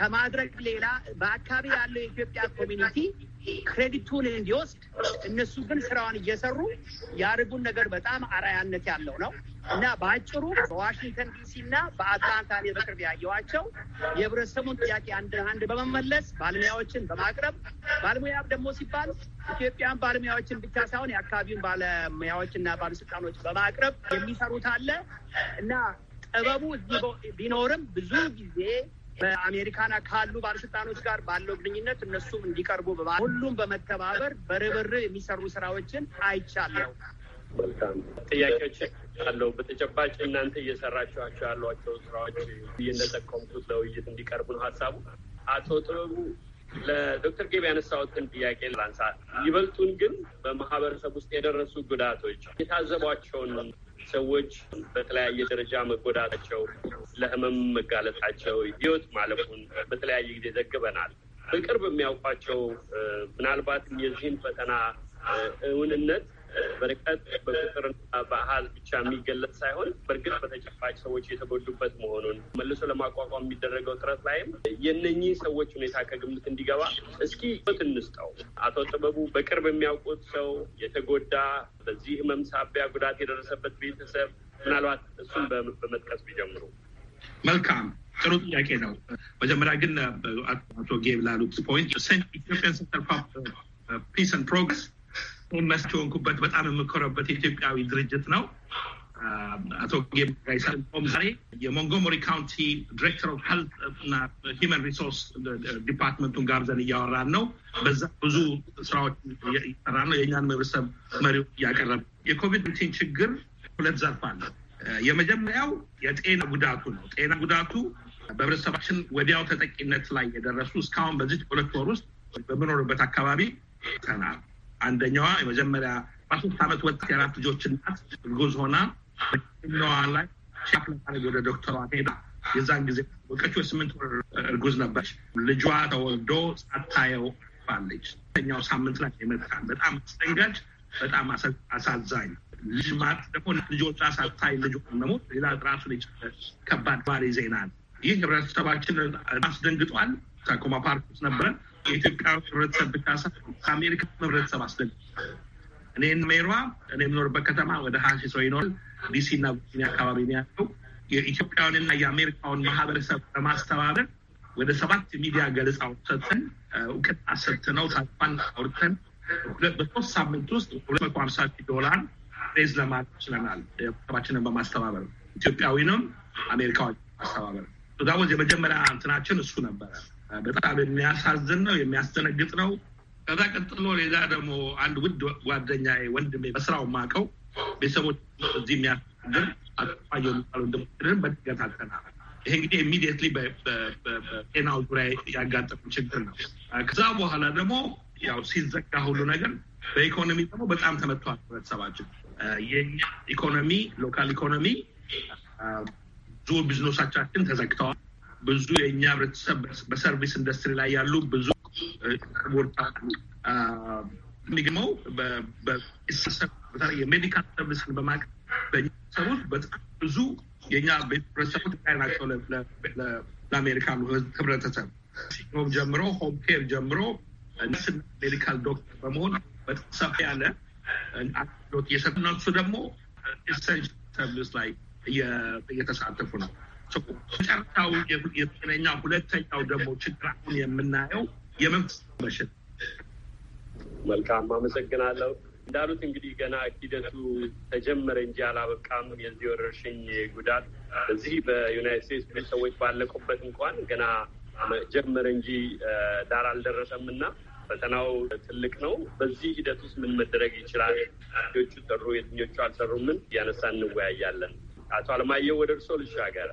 [SPEAKER 4] ከማድረግ ሌላ በአካባቢ ያለው የኢትዮጵያ ኮሚኒቲ ክሬዲቱን እንዲወስድ እነሱ ግን ስራውን እየሰሩ ያደርጉን ነገር በጣም አራያነት ያለው ነው እና በአጭሩ በዋሽንግተን ዲሲ እና በአትላንታ እኔ በቅርብ ያየኋቸው የህብረተሰቡን ጥያቄ አንድ አንድ በመመለስ ባለሙያዎችን በማቅረብ ባለሙያ ደግሞ ሲባል ኢትዮጵያን ባለሙያዎችን ብቻ ሳይሆን የአካባቢውን ባለሙያዎች እና ባለስልጣኖች በማቅረብ የሚሰሩት አለ እና ጥበቡ ቢኖርም ብዙ ጊዜ በአሜሪካና ካሉ ባለስልጣኖች ጋር ባለው ግንኙነት እነሱም እንዲቀርቡ ሁሉም በመተባበር በርብርብ የሚሰሩ ስራዎችን አይቻለሁ።
[SPEAKER 2] መልካም ጥያቄዎች አለው። በተጨባጭ እናንተ እየሰራችኋቸው ያሏቸው ስራዎች እየነጠቀምኩት ለውይይት እንዲቀርቡ ነው ሀሳቡ። አቶ ጥበቡ ለዶክተር ጌብ ያነሳሁትን ጥያቄ ላንሳ። ይበልጡን ግን በማህበረሰብ ውስጥ የደረሱ ጉዳቶች የታዘቧቸውን ሰዎች በተለያየ ደረጃ መጎዳታቸው፣ ለህመም መጋለጣቸው፣ ህይወት ማለፉን በተለያየ ጊዜ ዘግበናል። በቅርብ የሚያውቋቸው ምናልባትም የዚህን ፈተና እውንነት በርቀት በቁጥርና በአሀዝ ብቻ የሚገለጽ ሳይሆን በእርግጥ በተጨባጭ ሰዎች የተጎዱበት መሆኑን መልሶ ለማቋቋም የሚደረገው ጥረት ላይም የነኚህ ሰዎች ሁኔታ ከግምት እንዲገባ እስኪ ት እንስጠው። አቶ ጥበቡ በቅርብ የሚያውቁት ሰው የተጎዳ በዚህ ህመም ሳቢያ ጉዳት የደረሰበት ቤተሰብ ምናልባት እሱን በመጥቀስ ቢጀምሩ
[SPEAKER 3] መልካም። ጥሩ ጥያቄ ነው። መጀመሪያ ግን አቶ ጌብ ላሉት ፖይንት ኢትዮጵያን ሴንተር ፒስ ፕሮግረስ የሚያስቸወንኩበት በጣም የምኮረበት ኢትዮጵያዊ ድርጅት ነው። አቶ ጌሳም ዛሬ የሞንጎመሪ ካውንቲ ዲሬክተር ኦፍ ሄልት እና ሂውማን ሪሶርስ ዲፓርትመንቱን ጋብዘን እያወራን ነው። በዛ ብዙ ስራዎች እየሰራ ነው። የእኛን ማህበረሰብ መሪው እያቀረበ የኮቪድ ናይንቲን ችግር ሁለት ዘርፍ አለ። የመጀመሪያው የጤና ጉዳቱ ነው። ጤና ጉዳቱ በህብረተሰባችን ወዲያው ተጠቂነት ላይ የደረሱ እስካሁን በዚህ ሁለት ወር ውስጥ በምኖርበት አካባቢ ተናል አንደኛዋ የመጀመሪያ በሶስት አመት ወጣት የአራት ልጆች እናት እርጉዝ ሆና ኛዋ ላይ ሻፕለታሪ ወደ ዶክተሯ ሄዳ የዛን ጊዜ ወቀች ስምንት ወር እርጉዝ ነበረች። ልጇ ተወልዶ ሳታየው አለች። ተኛው ሳምንት ላይ ይመጣል። በጣም አስደንጋጭ፣ በጣም አሳዛኝ ልጅ ማለት ደግሞ ልጆች ሳታይ ልጅ ደግሞ ሌላ ራሱ ልጅ ከባድ ባሪ ዜና ነው። ይህ ህብረተሰባችን አስደንግጧል። ሳኮማ ፓርክ ውስጥ ነበረን። የኢትዮጵያ ህብረተሰብ ብቻ ሳይሆን ከአሜሪካ ህብረተሰብ አስደግ እኔን ሜሯ እኔ የምኖርበት ከተማ ወደ ሀያ ሰው ይኖራል። ዲሲ እና ቨርጂኒያ አካባቢ ነው ያለው። የኢትዮጵያውያንና የአሜሪካውን ማህበረሰብ ለማስተባበር ወደ ሰባት ሚዲያ ገለጻውን ሰጥተን እውቅት ሰጥተነው ሳፋን አውርተን በሶስት ሳምንት ውስጥ ሁለት መቶ ሀምሳ ሺህ ዶላር ሬዝ ለማድረግ ችለናል። ሰባችንን በማስተባበር ኢትዮጵያዊንም አሜሪካዊ ማስተባበር ዛ የመጀመሪያ እንትናችን እሱ ነበረ። በጣም የሚያሳዝን ነው፣ የሚያስደነግጥ ነው። ከዛ ቀጥሎ ሌላ ደግሞ አንድ ውድ ጓደኛ ወንድሜ በስራው ማቀው ቤተሰቦች እዚህ የሚያስደር አጠፋየ የሚባል ወንድሞችን በድንገት አጠናል። ይሄ እንግዲህ ኢሚዲየትሊ በጤናው ዙሪያ ያጋጠሙ ችግር ነው። ከዛ በኋላ ደግሞ ያው ሲዘጋ ሁሉ ነገር በኢኮኖሚ ደግሞ በጣም ተመቷል። ህብረተሰባችን የኛ ኢኮኖሚ ሎካል ኢኮኖሚ ብዙ ቢዝነሶቻችን ተዘግተዋል። ብዙ የእኛ ህብረተሰብ በሰርቪስ ኢንዱስትሪ ላይ ያሉ ብዙ የሚገመው የሜዲካል ሰርቪስን በማቅረብ በሰቡት በጣም ብዙ የእኛ የኛ ላይ ናቸው። ለአሜሪካኑ ህብረተሰብ ሲኖም ጀምሮ ሆም ኬር ጀምሮ ሜዲካል ዶክተር በመሆን በጣም ሰፋ ያለ አገልግሎት እየሰጡ እነሱ ደግሞ ኢሰንሻል ሰርቪስ ላይ እየተሳተፉ ነው። ትቁም። መጨረሻው የጤነኛ ሁለተኛው ደግሞ ችግር አሁን የምናየው የመንግስት በሽታ።
[SPEAKER 2] መልካም አመሰግናለሁ። እንዳሉት እንግዲህ ገና ሂደቱ ተጀመረ እንጂ አላበቃም። የዚህ ወረርሽኝ ጉዳት በዚህ በዩናይት ስቴትስ ብዙ ሰዎች ባለቁበት እንኳን ገና ጀመረ እንጂ ዳር አልደረሰም እና ፈተናው ትልቅ ነው። በዚህ ሂደት ውስጥ ምን መደረግ ይችላል? የትኞቹ ሰሩ፣ የትኞቹ አልሰሩ? ምን እያነሳ እንወያያለን። አቶ አለማየሁ ወደ እርሶ ልሻገር።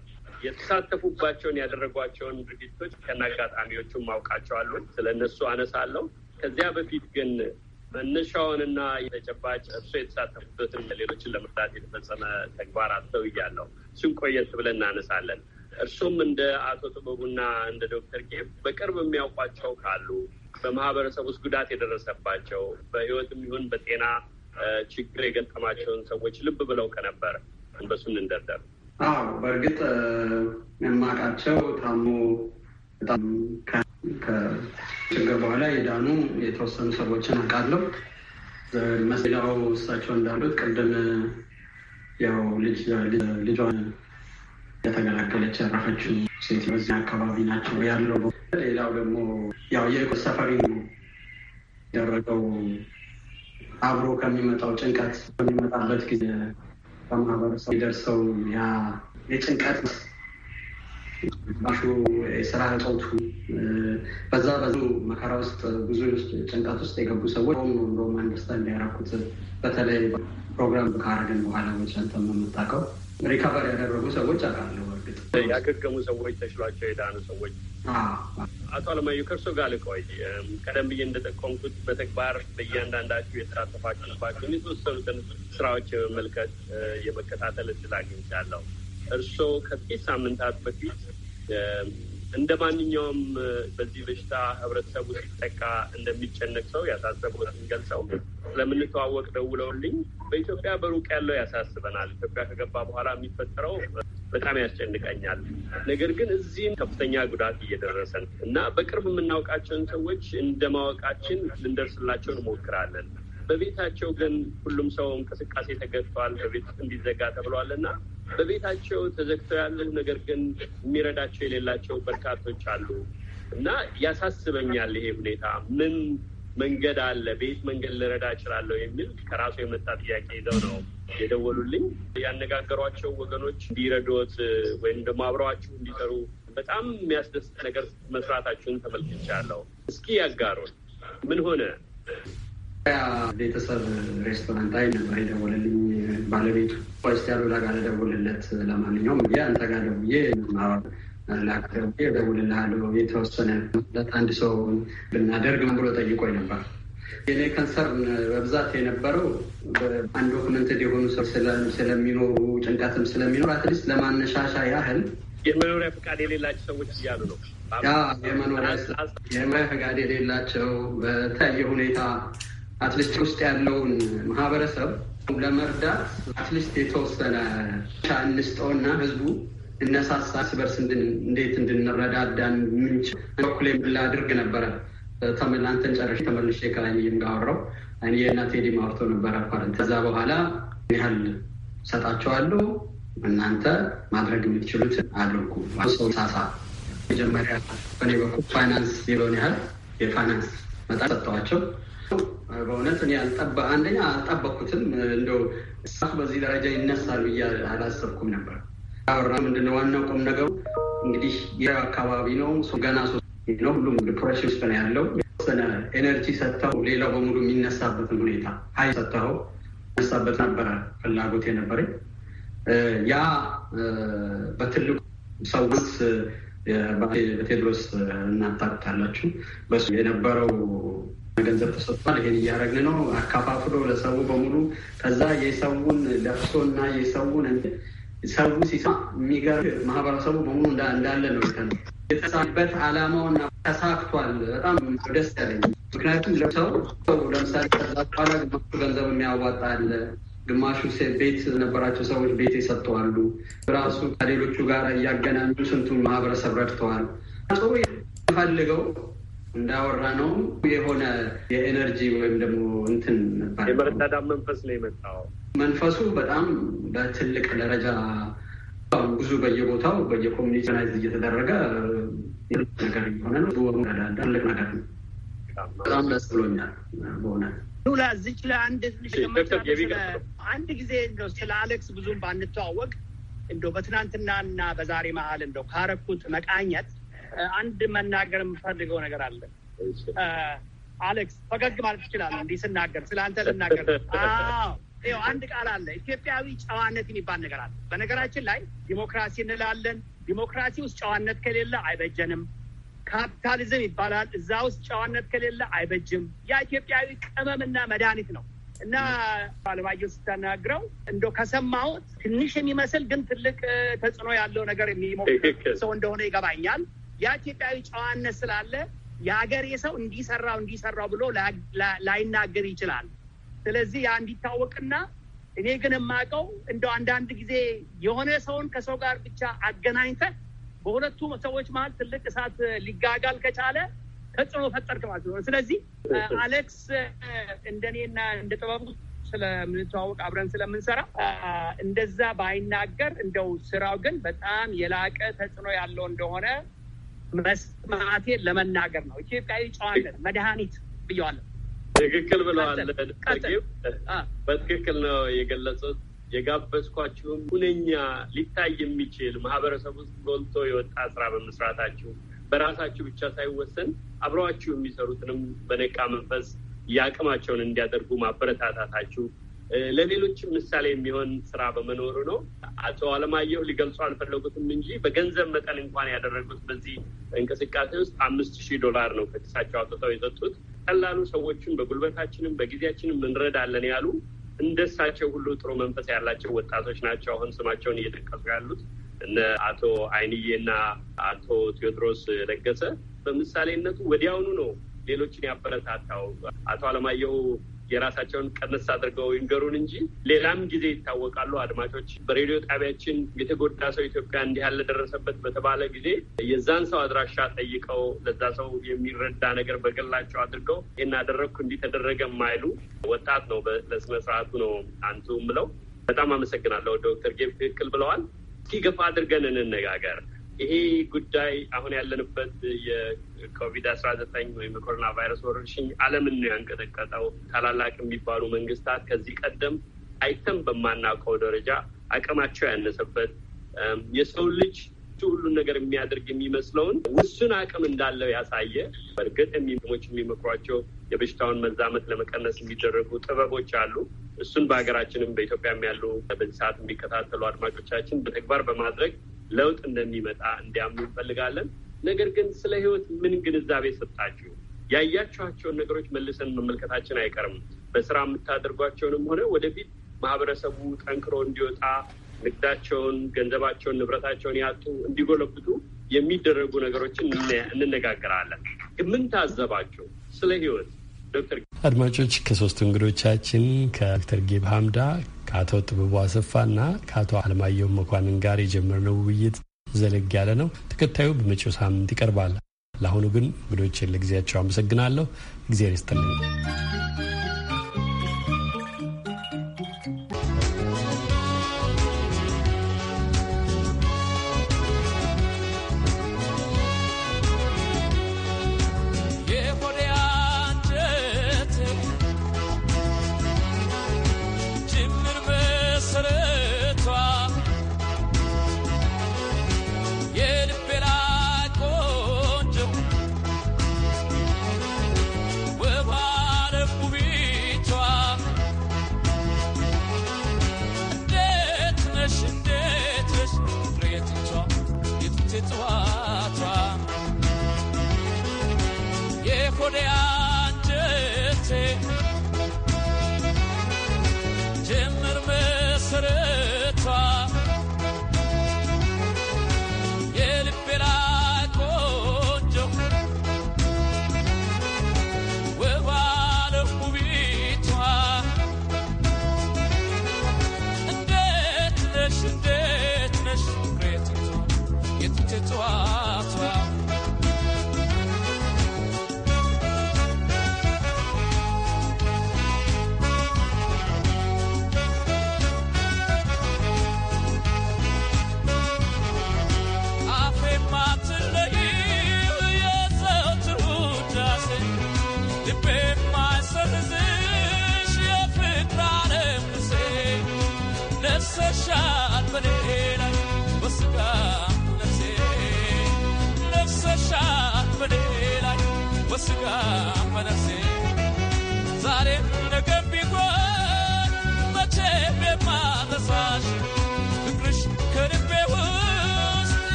[SPEAKER 2] የተሳተፉባቸውን ያደረጓቸውን ድርጊቶች ከና አጋጣሚዎቹን ማውቃቸዋለሁ። ስለ እነሱ አነሳለሁ። ከዚያ በፊት ግን መነሻውንና የተጨባጭ እርሶ የተሳተፉበትን ሌሎችን ለመርዳት የተፈጸመ ተግባር አስተውያለሁ። እሱን ቆየት ብለን እናነሳለን። እርሱም እንደ አቶ ጥበቡና እንደ ዶክተር ጌብ በቅርብ የሚያውቋቸው ካሉ በማህበረሰብ ውስጥ ጉዳት የደረሰባቸው በህይወት ይሁን በጤና ችግር የገጠማቸውን ሰዎች ልብ ብለው ከነበር እንበሱን እንደርደር።
[SPEAKER 1] አዎ በእርግጥ የማውቃቸው ታሞ በጣም ከችግር በኋላ የዳኑ የተወሰኑ ሰዎችን አውቃለሁ። መስሌላው እሳቸው እንዳሉት ቅድም ያው ልጇን የተገላገለች ያረፈችው ሴት በዚህ አካባቢ ናቸው ያለው። ሌላው ደግሞ ያው የኮ ሰፈሪ ያደረገው አብሮ ከሚመጣው ጭንቀት በሚመጣበት ጊዜ በማህበረሰብ የደርሰው ያ የጭንቀት ባሹ የስራ እጦቱ በዛ በዙ መከራ ውስጥ ብዙ ጭንቀት ውስጥ የገቡ ሰዎች ሆኑ ነው እንደውም አንደርስታንድ በተለይ ፕሮግራም ካረግን በኋላ ወጭ አንተም የምታውቀው ሪካቨር ያደረጉ ሰዎች አውቃለሁ።
[SPEAKER 2] ያገገሙ ሰዎች ተሽሏቸው የዳኑ ሰዎች አቶ አለማየሁ ከእርሶ ጋር ልቆይ። ቀደም ብዬ እንደጠቆምኩት በተግባር በእያንዳንዳችሁ የተሳተፋችሁባቸውን የተወሰኑትን ስራዎች የመመልከት የመከታተል እድል አግኝቻለሁ። እርሶ ከጥቂት ሳምንታት በፊት እንደ ማንኛውም በዚህ በሽታ ህብረተሰቡ ሲጠቃ እንደሚጨነቅ ሰው ያሳሰበውን ገልጸው ስለምንተዋወቅ ደውለውልኝ በኢትዮጵያ በሩቅ ያለው ያሳስበናል፣ ኢትዮጵያ ከገባ በኋላ የሚፈጠረው በጣም ያስጨንቀኛል። ነገር ግን እዚህም ከፍተኛ ጉዳት እየደረሰ ነው እና በቅርብ የምናውቃቸውን ሰዎች እንደማወቃችን ልንደርስላቸው እንሞክራለን። በቤታቸው ግን ሁሉም ሰው እንቅስቃሴ ተገድቷል፣ በቤት ውስጥ እንዲዘጋ ተብሏል እና በቤታቸው ተዘግተው ያሉ ነገር ግን የሚረዳቸው የሌላቸው በርካቶች አሉ እና ያሳስበኛል ይሄ ሁኔታ ምን መንገድ አለ፣ በየት መንገድ ልረዳ እችላለሁ የሚል ከራሱ የመጣ ጥያቄ ይዘው ነው የደወሉልኝ። ያነጋገሯቸው ወገኖች እንዲረዶት ወይም ደግሞ አብረዋችሁ እንዲሰሩ በጣም የሚያስደስት ነገር መስራታችሁን ተመልክቻለሁ። እስኪ ያጋሩን ምን ሆነ?
[SPEAKER 1] ቤተሰብ ሬስቶራንት ላይ ነበር የደወለልኝ ባለቤቱ ፖስት ያሉ ጋር ደወልለት ለማንኛውም ብዬ አንተ ጋር ደውዬ ላክተው እደውልልሃለሁ የተወሰነ አንድ ሰው ብናደርግ ብሎ ጠይቆኝ ነበር። የኔ ከንሰርን በብዛት የነበረው አንድ ዶክመንት የሆኑ ሰው ስለሚኖሩ ጭንቀትም ስለሚኖር አትሊስት ለማነሻሻ ያህል
[SPEAKER 2] የመኖሪያ ፈቃድ የሌላቸው ሰዎች እያሉ ነው።
[SPEAKER 1] የመኖሪያ ፈቃድ የሌላቸው በተለያየ ሁኔታ አትሊስት ውስጥ ያለውን ማህበረሰብ ለመርዳት አትሊስት የተወሰነ ሻ እንስጠውና ህዝቡ እነሳሳ እርስ እንዴት እንዴት እንድንረዳዳ ምንችል በኩሌ ላድርግ ነበረ። አንተን ጨረሽ ተመልሽ ከላይም ጋወረው አወራሁ። እኔ የእናቴ ዲማ አውርቶ ነበረ ኳረንት። ከዛ በኋላ ያህል ሰጣቸዋለሁ እናንተ ማድረግ የምትችሉት አድርጉ። ሰው ሳሳ መጀመሪያ በእኔ በኩል ፋይናንስ የለውን ያህል የፋይናንስ መጣ ሰጥተዋቸው በእውነት እኔ አልጠበ አንደኛ አልጠበኩትም። እንደው በዚህ ደረጃ ይነሳል ብዬ አላሰብኩም ነበር። አወራ ምንድነው ዋናው ቁም ነገሩ እንግዲህ ይህ አካባቢ ነው ገና ሶ ነው ሁሉም ዲፕሬሽን ውስጥ ነው ያለው። የተወሰነ ኤነርጂ ሰጥተው ሌላው በሙሉ የሚነሳበትን ሁኔታ ሀይ ሰጥተው ነሳበት ነበረ ፍላጎት የነበረኝ ያ በትልቁ ሰውት በቴድሮስ እናታታላችሁ በሱ የነበረው ገንዘብ ተሰጥቷል። ይሄን እያደረግን ነው አካፋፍሎ ለሰው በሙሉ ከዛ የሰውን ለፍሶ እና የሰውን ሰው ሲሰ የሚገርም ማህበረሰቡ በሙሉ እንዳለ ነው። የተሳበት አላማውና ተሳክቷል። በጣም ደስ ያለኝ ምክንያቱም ለሰው ለምሳሌ ኋላ ግማሹ ገንዘብ የሚያዋጣ አለ፣ ግማሹ ቤት ነበራቸው ሰዎች ቤት የሰጥተዋሉ። ራሱ ከሌሎቹ ጋር እያገናኙ ስንቱን ማህበረሰብ ረድተዋል። ጥሩ ፈልገው እንዳወራ ነው የሆነ የኤነርጂ ወይም ደግሞ እንትን የመረዳዳ መንፈስ ነው የመጣው መንፈሱ በጣም በትልቅ ደረጃ ብዙ በየቦታው በየኮሚኒቲ እየተደረገ ነገር የሆነ ነው። ትልቅ ነገር ነው። በጣም ደስ ብሎኛል በሆነ
[SPEAKER 4] ሉላ እዚች ለአንድ አንድ ጊዜ ነው ስለ አሌክስ ብዙም ባንተዋወቅ እንደው እና በዛሬ መሀል እንደው ካረኩት መቃኘት አንድ መናገር የምፈልገው ነገር አለ። አሌክስ ፈገግ ማለት ትችላለህ። እንዲህ ስናገር ስለ አንተ ልናገር ይኸው አንድ ቃል አለ፣ ኢትዮጵያዊ ጨዋነት የሚባል ነገር አለ። በነገራችን ላይ ዲሞክራሲ እንላለን። ዲሞክራሲ ውስጥ ጨዋነት ከሌለ አይበጀንም። ካፒታሊዝም ይባላል። እዛ ውስጥ ጨዋነት ከሌለ አይበጅም። ያ ኢትዮጵያዊ ቅመምና መድኃኒት ነው እና አለማየሁ ስታናግረው እንደ ከሰማሁት ትንሽ የሚመስል ግን ትልቅ ተጽዕኖ ያለው ነገር የሚሞክር ሰው እንደሆነ ይገባኛል። ያ ኢትዮጵያዊ ጨዋነት ስላለ የሀገሬ ሰው እንዲሰራው እንዲሰራው ብሎ ላይናገር ይችላል። ስለዚህ ያ እንዲታወቅና እኔ ግን የማውቀው እንደ አንዳንድ ጊዜ የሆነ ሰውን ከሰው ጋር ብቻ አገናኝተ በሁለቱ ሰዎች መሀል ትልቅ እሳት ሊጋጋል ከቻለ ተጽዕኖ ፈጠርክ ማለት ነው። ስለዚህ አሌክስ እንደኔና እንደ ጥበቡ ስለምንተዋወቅ አብረን ስለምንሰራ እንደዛ ባይናገር እንደው ስራው ግን በጣም የላቀ ተጽዕኖ ያለው እንደሆነ መስማቴ ለመናገር ነው። ኢትዮጵያዊ ጨዋነት መድኃኒት ብየዋለሁ።
[SPEAKER 2] ትክክል ብለዋል። በትክክል ነው የገለጹት። የጋበዝኳችሁም ሁነኛ ሊታይ የሚችል ማህበረሰብ ውስጥ ጎልቶ የወጣ ስራ በመስራታችሁ በራሳችሁ ብቻ ሳይወሰን አብረዋችሁ የሚሰሩትንም በነቃ መንፈስ የአቅማቸውን እንዲያደርጉ ማበረታታታችሁ ለሌሎችም ምሳሌ የሚሆን ስራ በመኖሩ ነው። አቶ አለማየሁ ሊገልጹ አልፈለጉትም እንጂ በገንዘብ መጠን እንኳን ያደረጉት በዚህ እንቅስቃሴ ውስጥ አምስት ሺህ ዶላር ነው ከኪሳቸው አውጥተው የሰጡት። ቀላሉ ሰዎችን በጉልበታችንም በጊዜያችንም እንረዳለን ያሉ እንደሳቸው ሁሉ ጥሩ መንፈስ ያላቸው ወጣቶች ናቸው። አሁን ስማቸውን እየጠቀሱ ያሉት እነ አቶ አይንዬና አቶ ቴዎድሮስ ለገሰ በምሳሌነቱ ወዲያውኑ ነው ሌሎችን ያበረታታው። አቶ አለማየሁ የራሳቸውን ቀነስ አድርገው ይንገሩን እንጂ ሌላም ጊዜ ይታወቃሉ። አድማጮች በሬዲዮ ጣቢያችን የተጎዳ ሰው ኢትዮጵያ እንዲህ ያለ ደረሰበት በተባለ ጊዜ የዛን ሰው አድራሻ ጠይቀው ለዛ ሰው የሚረዳ ነገር በገላቸው አድርገው ይህን አደረግኩ እንዲህ ተደረገ የማይሉ ወጣት ነው። ለስነ ስርዓቱ ነው አንቱም ብለው በጣም አመሰግናለሁ ዶክተር ጌብ ትክክል ብለዋል። እስኪ ገፋ አድርገን እንነጋገር። ይሄ ጉዳይ አሁን ያለንበት የኮቪድ አስራ ዘጠኝ ወይም የኮሮና ቫይረስ ወረርሽኝ ዓለምን ነው ያንቀጠቀጠው። ታላላቅ የሚባሉ መንግስታት ከዚህ ቀደም አይተን በማናውቀው ደረጃ አቅማቸው ያነሰበት የሰው ልጅ ሁሉን ነገር የሚያደርግ የሚመስለውን ውሱን አቅም እንዳለው ያሳየ በእርግጥ የሚሞች የሚመክሯቸው የበሽታውን መዛመት ለመቀነስ የሚደረጉ ጥበቦች አሉ። እሱን በሀገራችንም በኢትዮጵያም ያሉ በዚህ ሰዓት የሚከታተሉ አድማጮቻችን በተግባር በማድረግ ለውጥ እንደሚመጣ እንዲያምኑ እንፈልጋለን። ነገር ግን ስለ ህይወት ምን ግንዛቤ ሰጣችሁ? ያያችኋቸውን ነገሮች መልሰን መመልከታችን አይቀርም። በስራ የምታደርጓቸውንም ሆነ ወደፊት ማህበረሰቡ ጠንክሮ እንዲወጣ ንግዳቸውን፣ ገንዘባቸውን፣ ንብረታቸውን ያጡ እንዲጎለብቱ የሚደረጉ ነገሮችን እንነጋገራለን። ግን ምን ታዘባቸው ስለ ህይወት? ዶክተር አድማጮች ከሶስቱ እንግዶቻችን ከዶክተር ጌብ ሀምዳ ከአቶ ጥበቡ አሰፋና ከአቶ አለማየሁ መኳንን ጋር የጀመርነው ውይይት ዘለግ ያለ ነው። ተከታዩ በመጪው ሳምንት ይቀርባል። ለአሁኑ ግን እንግዶችን ለጊዜያቸው አመሰግናለሁ። እግዜር ይስጥልኝ።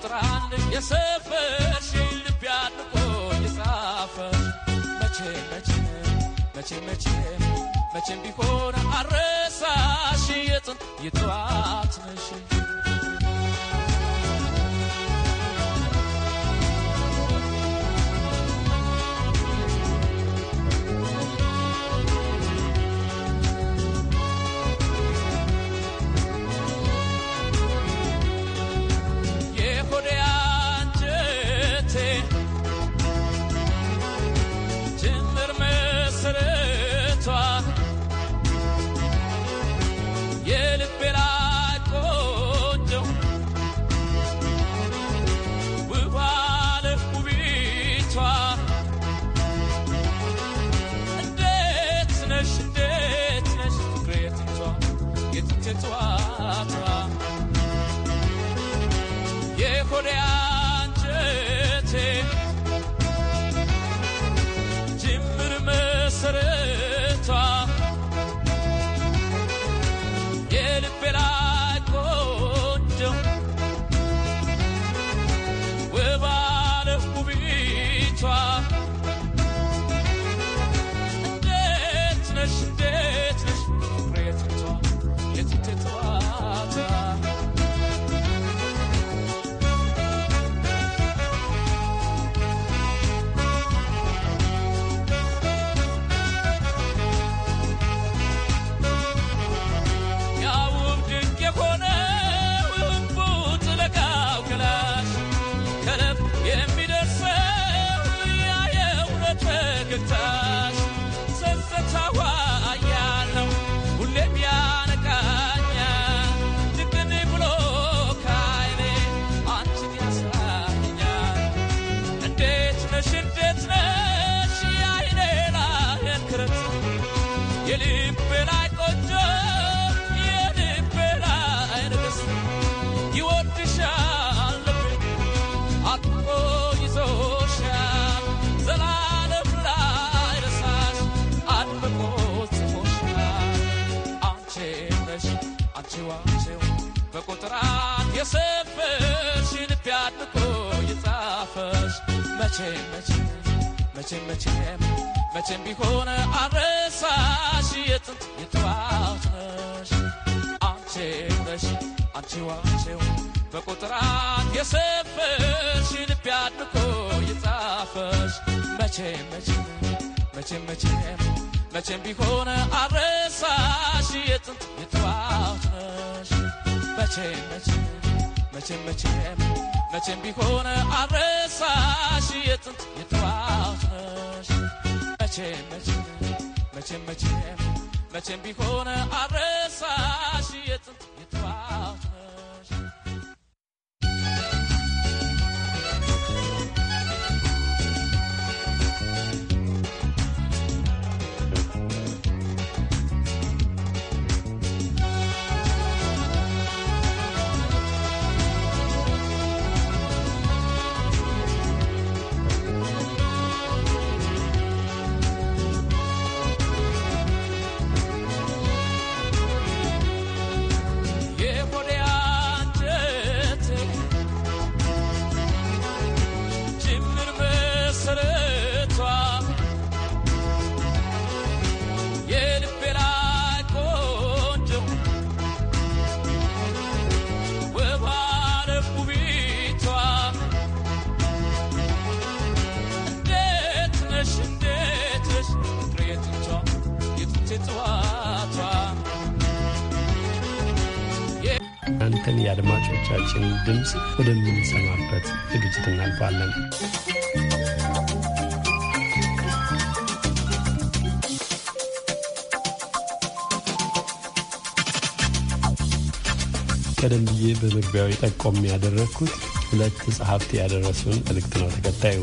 [SPEAKER 8] ቁጥር አንድ የሰፈርሽ ልብ ያድቆኝ የጻፈ መቼ መቼም መቼም መቼም መቼም ቢሆን አረሳሽ የጥን የጠዋት ነሽ የሰፈሽ ልብ ያድንቆ የጻፈሽ መቼም መቼም መቼም መቼም መቼም ቢሆን አረሳሽ የጥንት የጥዋት ነሽ አንቺው ነሽ አንቺው አንቺው በቁጥራት የሰፈሽ ልብ ያድንቆ የጻፈሽ መቼም መቼም መቼም መቼም መቼም ቢሆን አረሳሽ የጥንት የጥዋት ነሽ መቼም መቼም መቼም መቼም መቼም ቢሆን አረሳሽ የጥንት የጠዋት ነሽ መቼም መቼም መቼም መቼም ቢሆን አረሳሽ የጥንት
[SPEAKER 2] ድምፅ ወደምንሰማበት ዝግጅት እናልፋለን። ቀደም ብዬ በመግቢያው ጠቆም ያደረግኩት ሁለት ጸሐፍት ያደረሱን መልእክት ነው ተከታዩ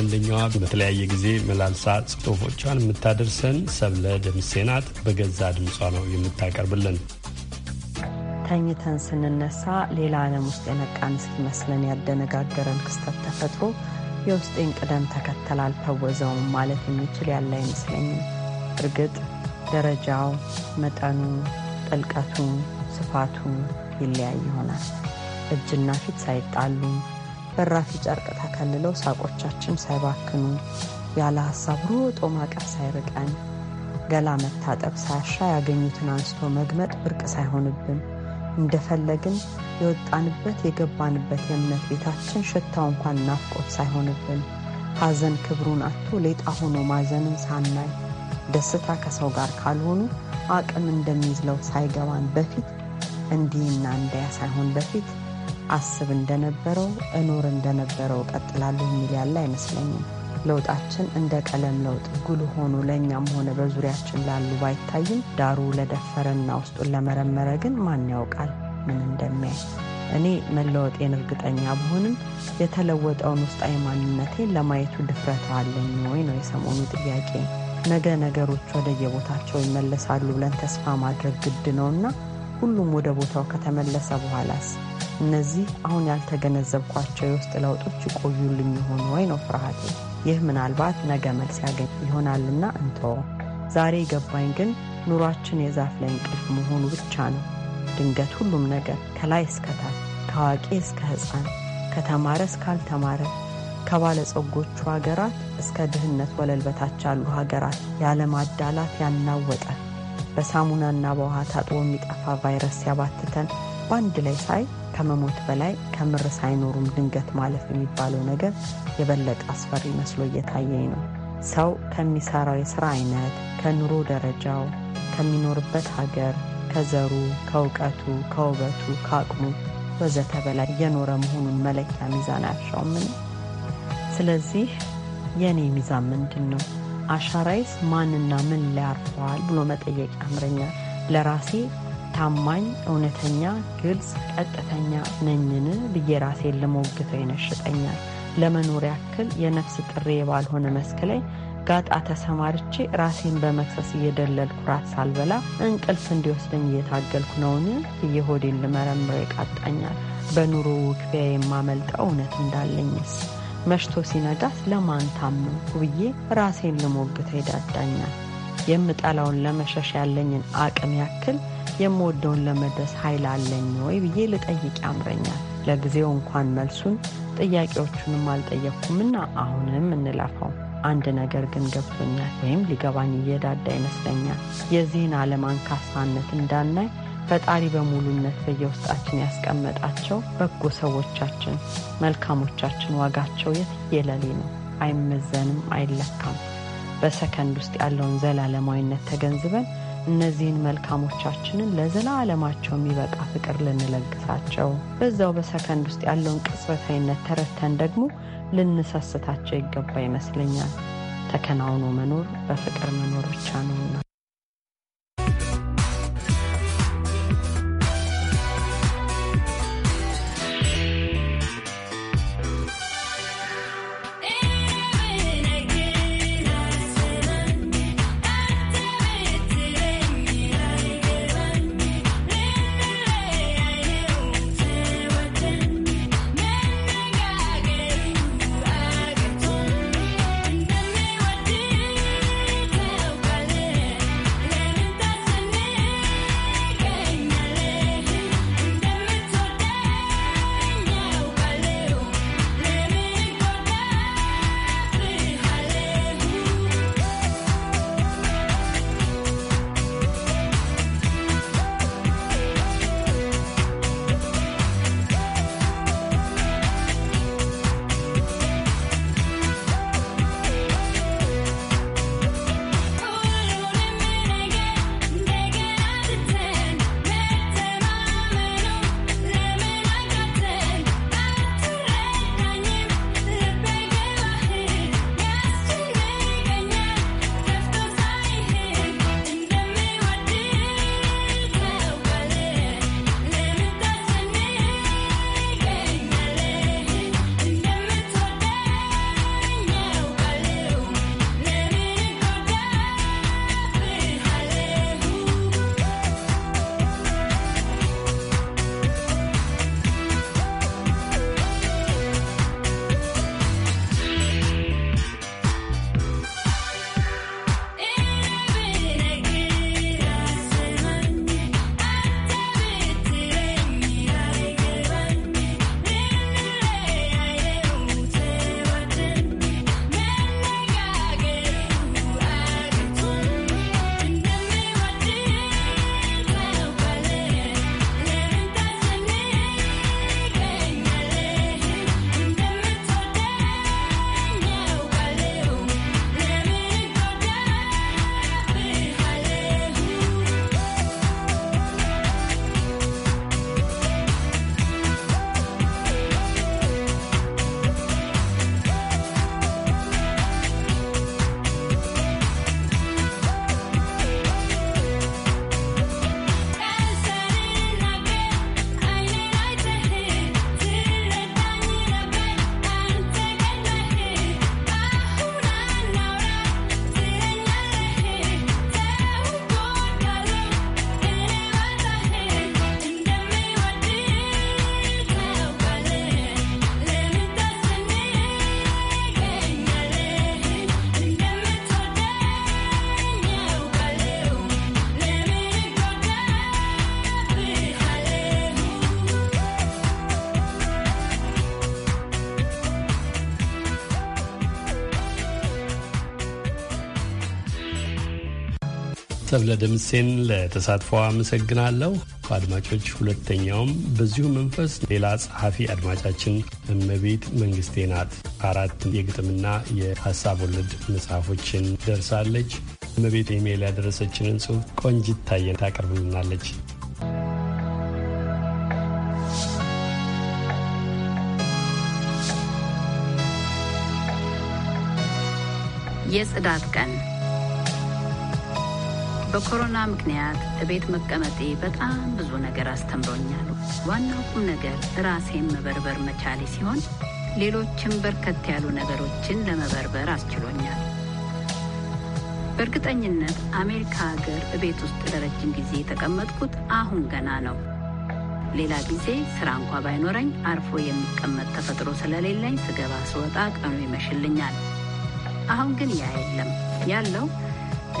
[SPEAKER 2] አንደኛዋ በተለያየ ጊዜ መላልሳ ጽሑፎቿን የምታደርሰን ሰብለ ደምሴ ናት። በገዛ ድምጿ ነው የምታቀርብልን።
[SPEAKER 9] ተኝተን ስንነሳ ሌላ ዓለም ውስጥ የነቃን ሲመስለን ያደነጋገረን ክስተት ተፈጥሮ የውስጤን ቅደም ተከተል አልፈወዘውም ማለት የሚችል ያለ አይመስለኝም። እርግጥ ደረጃው፣ መጠኑ፣ ጥልቀቱ፣ ስፋቱ ይለያይ ይሆናል። እጅና ፊት ሳይጣሉ በራፊ ጨርቅ ተከልለው ሳቆቻችን ሳይባክኑ ያለ ሀሳብ ሮጦ ማቀፍ ሳይርቀን ገላ መታጠብ ሳያሻ ያገኙትን አንስቶ መግመጥ ብርቅ ሳይሆንብን እንደፈለግን የወጣንበት የገባንበት የእምነት ቤታችን ሽታው እንኳን ናፍቆት ሳይሆንብን ሐዘን ክብሩን አጥቶ ሌጣ ሆኖ ማዘንን ሳናይ ደስታ ከሰው ጋር ካልሆኑ አቅም እንደሚዝለው ሳይገባን በፊት እንዲህና እንዲያ ሳይሆን በፊት አስብ እንደነበረው እኖር እንደነበረው እቀጥላለሁ የሚል ያለ አይመስለኝም። ለውጣችን እንደ ቀለም ለውጥ ጉል ሆኖ ለእኛም ሆነ በዙሪያችን ላሉ ባይታይም ዳሩ ለደፈረና ውስጡን ለመረመረ ግን ማን ያውቃል ምን እንደሚያይ። እኔ መለወጤን እርግጠኛ ብሆንም የተለወጠውን ውስጣዊ ማንነቴን ለማየቱ ድፍረት አለኝ ወይ ነው የሰሞኑ ጥያቄ። ነገ ነገሮች ወደ የቦታቸው ይመለሳሉ ብለን ተስፋ ማድረግ ግድ ነውና ሁሉም ወደ ቦታው ከተመለሰ በኋላስ እነዚህ አሁን ያልተገነዘብኳቸው የውስጥ ለውጦች ይቆዩልኝ ይሆን ወይ ነው ፍርሃቴ። ይህ ምናልባት ነገ መልስ ያገኝ ይሆናልና እንቶ ዛሬ ገባኝ ግን ኑሯችን የዛፍ ላይ እንቅልፍ መሆኑ ብቻ ነው። ድንገት ሁሉም ነገር ከላይ እስከታል ከአዋቂ እስከ ሕፃን፣ ከተማረ እስካልተማረ፣ ከባለጸጎቹ ሀገራት እስከ ድህነት ወለል በታች ያሉ ሀገራት ያለማዳላት ያናወጠ በሳሙናና በውሃ ታጥቦ የሚጠፋ ቫይረስ ሲያባትተን በአንድ ላይ ሳይ ከመሞት በላይ ከምር ሳይኖሩም ድንገት ማለፍ የሚባለው ነገር የበለጠ አስፈሪ መስሎ እየታየኝ ነው። ሰው ከሚሰራው የስራ አይነት፣ ከኑሮ ደረጃው፣ ከሚኖርበት ሀገር፣ ከዘሩ፣ ከእውቀቱ፣ ከውበቱ፣ ከአቅሙ ወዘተ በላይ የኖረ መሆኑን መለኪያ ሚዛን አያሻውምን? ስለዚህ የእኔ ሚዛን ምንድን ነው? አሻራይስ ማንና ምን ላይ አርፈዋል ብሎ መጠየቅ ያምረኛል። ለራሴ ታማኝ፣ እውነተኛ፣ ግልጽ፣ ቀጥተኛ ነኝን ብዬ ራሴን ልሞግተው ይነሽጠኛል። ለመኖር ያክል የነፍስ ጥሬ ባልሆነ መስክ ላይ ጋጣ ተሰማርቼ ራሴን በመክሰስ እየደለልኩ ራት ሳልበላ እንቅልፍ እንዲወስደኝ እየታገልኩ ነውን ብዬ ሆዴን ልመረምረው ይቃጣኛል። በኑሮ ውክቢያ የማመልጠው እውነት እንዳለኝስ መሽቶ ሲነጋስ ለማን ታመንኩ ብዬ ራሴን ልሞግተው ይዳዳኛል። የምጠላውን ለመሸሽ ያለኝን አቅም ያክል የምወደውን ለመድረስ ኃይል አለኝ ወይ ብዬ ልጠይቅ ያምረኛል። ለጊዜው እንኳን መልሱን ጥያቄዎቹንም አልጠየቅኩምና አሁንም እንለፈው። አንድ ነገር ግን ገብቶኛል ወይም ሊገባኝ እየዳዳ ይመስለኛል። የዚህን ዓለም አንካሳነት እንዳናይ ፈጣሪ በሙሉነት በየውስጣችን ያስቀመጣቸው በጎ ሰዎቻችን፣ መልካሞቻችን ዋጋቸው የት የለሌ ነው። አይመዘንም፣ አይለካም። በሰከንድ ውስጥ ያለውን ዘላለማዊነት ተገንዝበን እነዚህን መልካሞቻችንን ለዘላለማቸው የሚበቃ ፍቅር ልንለግሳቸው፣ በዛው በሰከንድ ውስጥ ያለውን ቅጽበታዊነት ተረድተን ደግሞ ልንሰስታቸው ይገባ ይመስለኛል። ተከናውኖ መኖር በፍቅር መኖር ብቻ ነውና።
[SPEAKER 2] ሰብለ ደምሴን ለተሳትፎ አመሰግናለሁ። አድማጮች፣ ሁለተኛውም በዚሁ መንፈስ ሌላ ጸሐፊ አድማጫችን እመቤት መንግስቴ ናት። አራት የግጥምና የሀሳብ ወለድ መጽሐፎችን ደርሳለች። እመቤት ኢሜይል ያደረሰችንን ጽሑፍ ቆንጅት ታየን ታቀርብልናለች።
[SPEAKER 10] የጽዳት ቀን በኮሮና ምክንያት እቤት መቀመጤ በጣም ብዙ ነገር አስተምሮኛል። ዋናው ቁም ነገር ራሴን መበርበር መቻሌ ሲሆን ሌሎችም በርከት ያሉ ነገሮችን ለመበርበር አስችሎኛል። በእርግጠኝነት አሜሪካ ሀገር እቤት ውስጥ ለረጅም ጊዜ የተቀመጥኩት አሁን ገና ነው። ሌላ ጊዜ ስራ እንኳ ባይኖረኝ አርፎ የሚቀመጥ ተፈጥሮ ስለሌለኝ ስገባ ስወጣ ቀኑ ይመሽልኛል። አሁን ግን ያ የለም። ያለው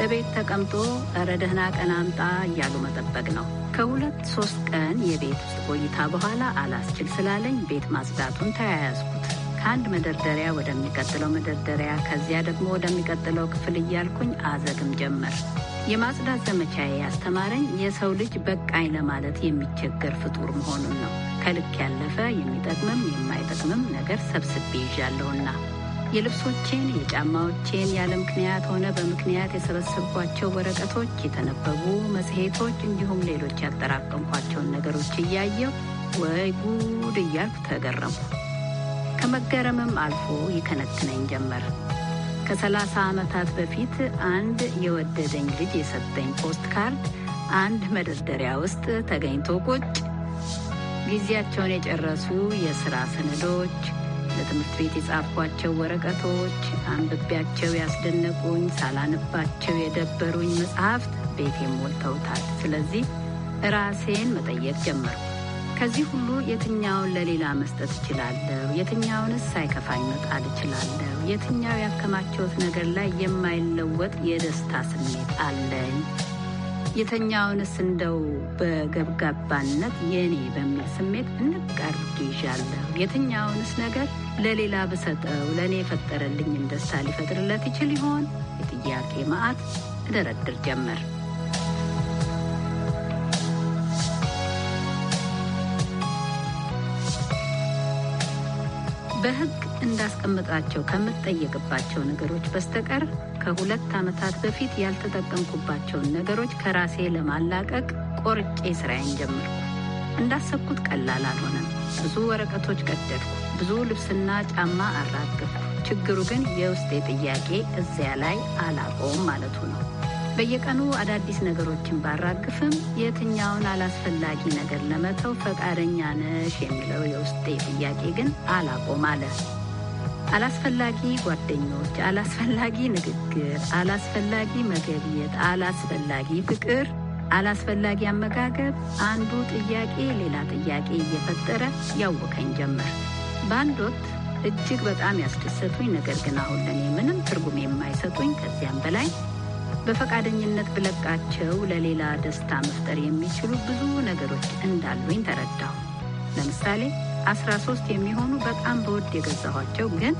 [SPEAKER 10] እቤት ተቀምጦ እረ ደህና ቀን አምጣ እያሉ መጠበቅ ነው። ከሁለት ሶስት ቀን የቤት ውስጥ ቆይታ በኋላ አላስችል ስላለኝ ቤት ማጽዳቱን ተያያዝኩት። ከአንድ መደርደሪያ ወደሚቀጥለው መደርደሪያ፣ ከዚያ ደግሞ ወደሚቀጥለው ክፍል እያልኩኝ አዘግም ጀመር። የማጽዳት ዘመቻዬ ያስተማረኝ የሰው ልጅ በቃኝ ለማለት የሚቸገር ፍጡር መሆኑን ነው። ከልክ ያለፈ የሚጠቅምም የማይጠቅምም ነገር ሰብስቤ ይዣለሁና የልብሶቼን የጫማዎቼን ያለ ምክንያት ሆነ በምክንያት የሰበሰብኳቸው ወረቀቶች፣ የተነበቡ መጽሔቶች፣ እንዲሁም ሌሎች ያጠራቀምኳቸውን ነገሮች እያየው ወይ ጉድ እያልኩ ተገረሙ። ከመገረምም አልፎ ይከነክነኝ ጀመር። ከሰላሳ ዓመታት በፊት አንድ የወደደኝ ልጅ የሰጠኝ ፖስት ካርድ አንድ መደርደሪያ ውስጥ ተገኝቶ ቁጭ ጊዜያቸውን የጨረሱ የሥራ ሰነዶች ለትምህርት ቤት የጻፏቸው ወረቀቶች፣ አንብቤያቸው ያስደነቁኝ፣ ሳላንባቸው የደበሩኝ መጽሐፍት ቤቴ ሞልተውታል። ስለዚህ ራሴን መጠየቅ ጀመሩ። ከዚህ ሁሉ የትኛውን ለሌላ መስጠት እችላለሁ? የትኛውንስ ሳይከፋኝ መጣል እችላለሁ? የትኛው ያከማቸውት ነገር ላይ የማይለወጥ የደስታ ስሜት አለኝ? የተኛውንስ እንደው በገብጋባነት የኔ በሚል ስሜት ይዣለሁ? የትኛውንስ ነገር ለሌላ ብሰጠው ለእኔ የፈጠረልኝን ደስታ ሊፈጥርለት ይችል ይሆን? የጥያቄ መዓት እደረድር ጀመር። በሕግ እንዳስቀምጣቸው ከምጠየቅባቸው ነገሮች በስተቀር ከሁለት ዓመታት በፊት ያልተጠቀምኩባቸውን ነገሮች ከራሴ ለማላቀቅ ቆርጬ ስራዬን ጀመርኩ። እንዳሰብኩት ቀላል አልሆነም። ብዙ ወረቀቶች ቀደድኩ። ብዙ ልብስና ጫማ አራግፍ። ችግሩ ግን የውስጤ ጥያቄ እዚያ ላይ አላቆም ማለቱ ነው። በየቀኑ አዳዲስ ነገሮችን ባራግፍም የትኛውን አላስፈላጊ ነገር ለመተው ፈቃደኛ ነሽ የሚለው የውስጤ ጥያቄ ግን አላቆም አለ። አላስፈላጊ ጓደኞች፣ አላስፈላጊ ንግግር፣ አላስፈላጊ መገብየት፣ አላስፈላጊ ፍቅር፣ አላስፈላጊ አመጋገብ፣ አንዱ ጥያቄ ሌላ ጥያቄ እየፈጠረ ያወከኝ ጀመር። በአንድ ወቅት እጅግ በጣም ያስደሰቱኝ፣ ነገር ግን አሁን ለእኔ ምንም ትርጉም የማይሰጡኝ ከዚያም በላይ በፈቃደኝነት ብለቃቸው ለሌላ ደስታ መፍጠር የሚችሉ ብዙ ነገሮች እንዳሉኝ ተረዳሁ። ለምሳሌ አስራ ሶስት የሚሆኑ በጣም በውድ የገዛኋቸው ግን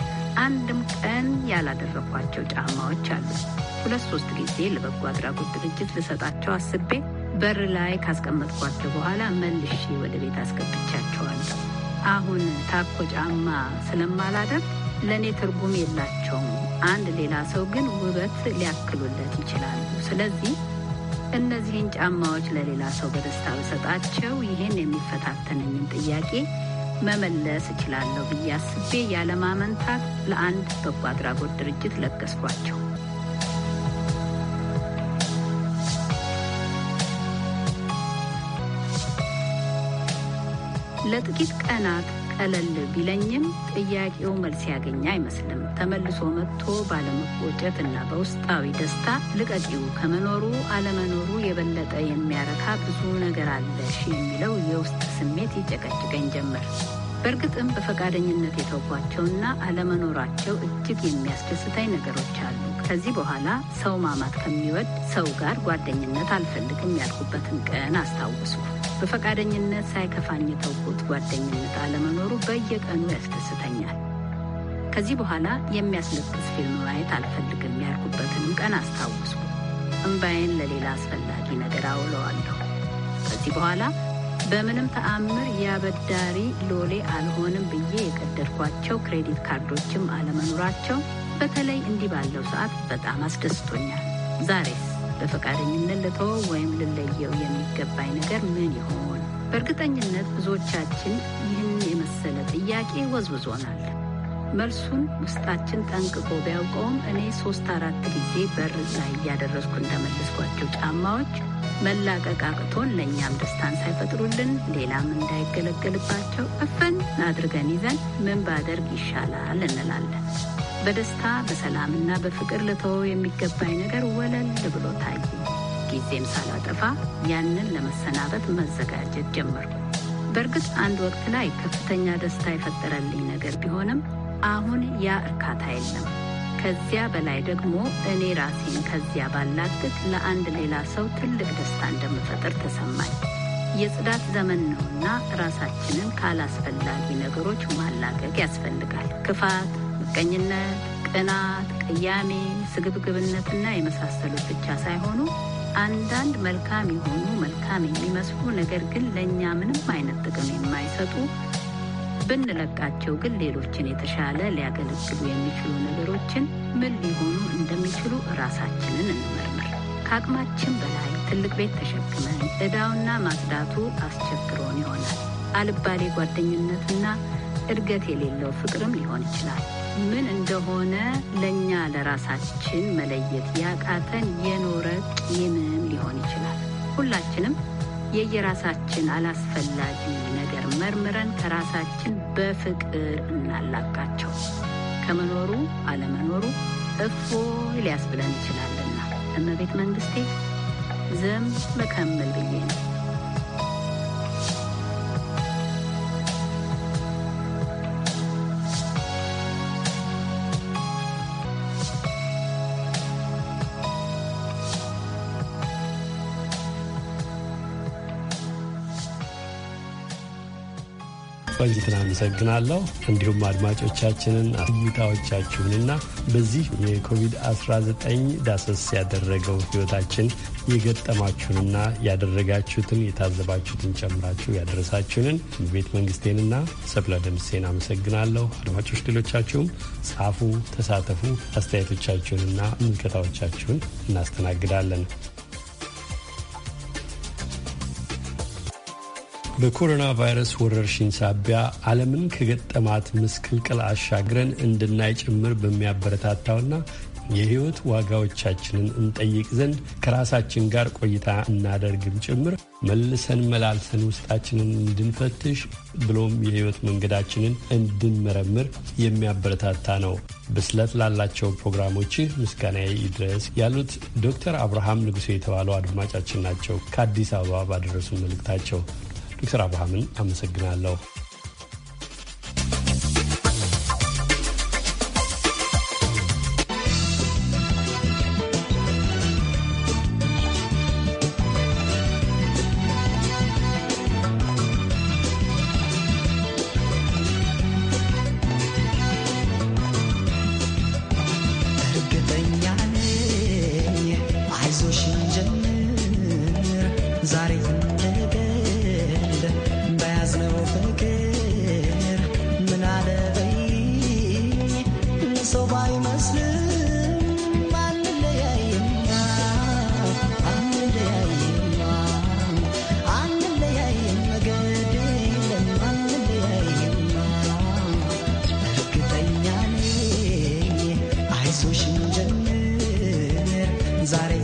[SPEAKER 10] አንድም ቀን ያላደረኳቸው ጫማዎች አሉ። ሁለት ሶስት ጊዜ ለበጎ አድራጎት ድርጅት ልሰጣቸው አስቤ በር ላይ ካስቀመጥኳቸው በኋላ መልሼ ወደ ቤት አስገብቻቸዋለሁ። አሁን ታኮ ጫማ ስለማላደርግ ለእኔ ትርጉም የላቸውም። አንድ ሌላ ሰው ግን ውበት ሊያክሉለት ይችላሉ። ስለዚህ እነዚህን ጫማዎች ለሌላ ሰው በደስታ በሰጣቸው ይህን የሚፈታተነኝን ጥያቄ መመለስ እችላለሁ ብዬ አስቤ ያለማመንታት ለአንድ በጎ አድራጎት ድርጅት ለገስኳቸው። ለጥቂት ቀናት ቀለል ቢለኝም ጥያቄው መልስ ያገኘ አይመስልም። ተመልሶ መጥቶ ባለመቆጨት እና በውስጣዊ ደስታ ልቀቂው ከመኖሩ አለመኖሩ የበለጠ የሚያረካ ብዙ ነገር አለሽ የሚለው የውስጥ ስሜት ይጨቀጭቀኝ ጀመር። በእርግጥም በፈቃደኝነት የተውኳቸውና አለመኖራቸው እጅግ የሚያስደስተኝ ነገሮች አሉ። ከዚህ በኋላ ሰው ማማት ከሚወድ ሰው ጋር ጓደኝነት አልፈልግም ያልኩበትን ቀን አስታውሱ። በፈቃደኝነት ሳይከፋኝ ተውኩት። ጓደኝነት አለመኖሩ በየቀኑ ያስደስተኛል። ከዚህ በኋላ የሚያስለቅስ ፊልም ማየት አልፈልግም ያልኩበትንም ቀን አስታወስኩ። እምባዬን ለሌላ አስፈላጊ ነገር አውለዋለሁ። ከዚህ በኋላ በምንም ተአምር ያበዳሪ ሎሌ አልሆንም ብዬ የቀደድኳቸው ክሬዲት ካርዶችም አለመኖራቸው በተለይ እንዲህ ባለው ሰዓት በጣም አስደስቶኛል። ዛሬስ በፈቃደኝነት ልተወው ወይም ልለየው የሚገባኝ ነገር ምን ይሆን? በእርግጠኝነት ብዙዎቻችን ይህን የመሰለ ጥያቄ ወዝውዞናል። መልሱን ውስጣችን ጠንቅቆ ቢያውቀውም እኔ ሶስት አራት ጊዜ በር ላይ እያደረስኩ እንደመለስኳቸው ጫማዎች መላቀቅ አቅቶን ለእኛም ደስታን ሳይፈጥሩልን ሌላም እንዳይገለገልባቸው እፍን አድርገን ይዘን ምን ባደርግ ይሻላል እንላለን። በደስታ በሰላምና በፍቅር ልተወው የሚገባኝ ነገር ወለል ብሎ ታይ። ጊዜም ሳላጠፋ ያንን ለመሰናበት መዘጋጀት ጀመርኩ። በእርግጥ አንድ ወቅት ላይ ከፍተኛ ደስታ የፈጠረልኝ ነገር ቢሆንም አሁን ያ እርካታ የለም። ከዚያ በላይ ደግሞ እኔ ራሴን ከዚያ ባላግጥ ለአንድ ሌላ ሰው ትልቅ ደስታ እንደምፈጥር ተሰማኝ። የጽዳት ዘመን ነውና ራሳችንን ካላስፈላጊ ነገሮች ማላቀቅ ያስፈልጋል። ክፋት ምቀኝነት፣ ቅናት፣ ቅያሜ፣ ስግብግብነትና የመሳሰሉት ብቻ ሳይሆኑ አንዳንድ መልካም የሆኑ መልካም የሚመስሉ ነገር ግን ለእኛ ምንም አይነት ጥቅም የማይሰጡ ብንለቃቸው ግን ሌሎችን የተሻለ ሊያገለግሉ የሚችሉ ነገሮችን ምን ሊሆኑ እንደሚችሉ ራሳችንን እንመርምር። ከአቅማችን በላይ ትልቅ ቤት ተሸክመን እዳውና ማጽዳቱ አስቸግሮን ይሆናል። አልባሌ ጓደኝነትና እድገት የሌለው ፍቅርም ሊሆን ይችላል። ምን እንደሆነ ለእኛ ለራሳችን መለየት ያቃተን የኖረ ቂምም ሊሆን ይችላል። ሁላችንም የየራሳችን አላስፈላጊ ነገር መርምረን ከራሳችን በፍቅር እናላቃቸው። ከመኖሩ አለመኖሩ እፎይ ሊያስብለን ይችላልና እመቤት መንግስቴ ዝም ልከምል ብዬ ነው።
[SPEAKER 2] ቆንጅትን አመሰግናለሁ። እንዲሁም አድማጮቻችንን እይታዎቻችሁንና በዚህ የኮቪድ-19 ዳሰስ ያደረገው ህይወታችን የገጠማችሁንና ያደረጋችሁትን የታዘባችሁትን ጨምራችሁ ያደረሳችሁንን ቤት መንግስቴንና ሰብለ ደምሴን አመሰግናለሁ። አድማጮች ሌሎቻችሁም ጻፉ፣ ተሳተፉ። አስተያየቶቻችሁንና ምልከታዎቻችሁን እናስተናግዳለን። በኮሮና ቫይረስ ወረርሽኝ ሳቢያ ዓለምን ከገጠማት ምስቅልቅል አሻግረን እንድናይ ጭምር በሚያበረታታውና የሕይወት ዋጋዎቻችንን እንጠይቅ ዘንድ ከራሳችን ጋር ቆይታ እናደርግም ጭምር መልሰን መላልሰን ውስጣችንን እንድንፈትሽ ብሎም የሕይወት መንገዳችንን እንድንመረምር የሚያበረታታ ነው። ብስለት ላላቸው ፕሮግራሞች ምስጋና ይድረስ ያሉት ዶክተር አብርሃም ንጉሴ የተባለው አድማጫችን ናቸው። ከአዲስ አበባ ባደረሱ መልእክታቸው የሥራ አብርሃምን አመሰግናለሁ።
[SPEAKER 11] Zanzare.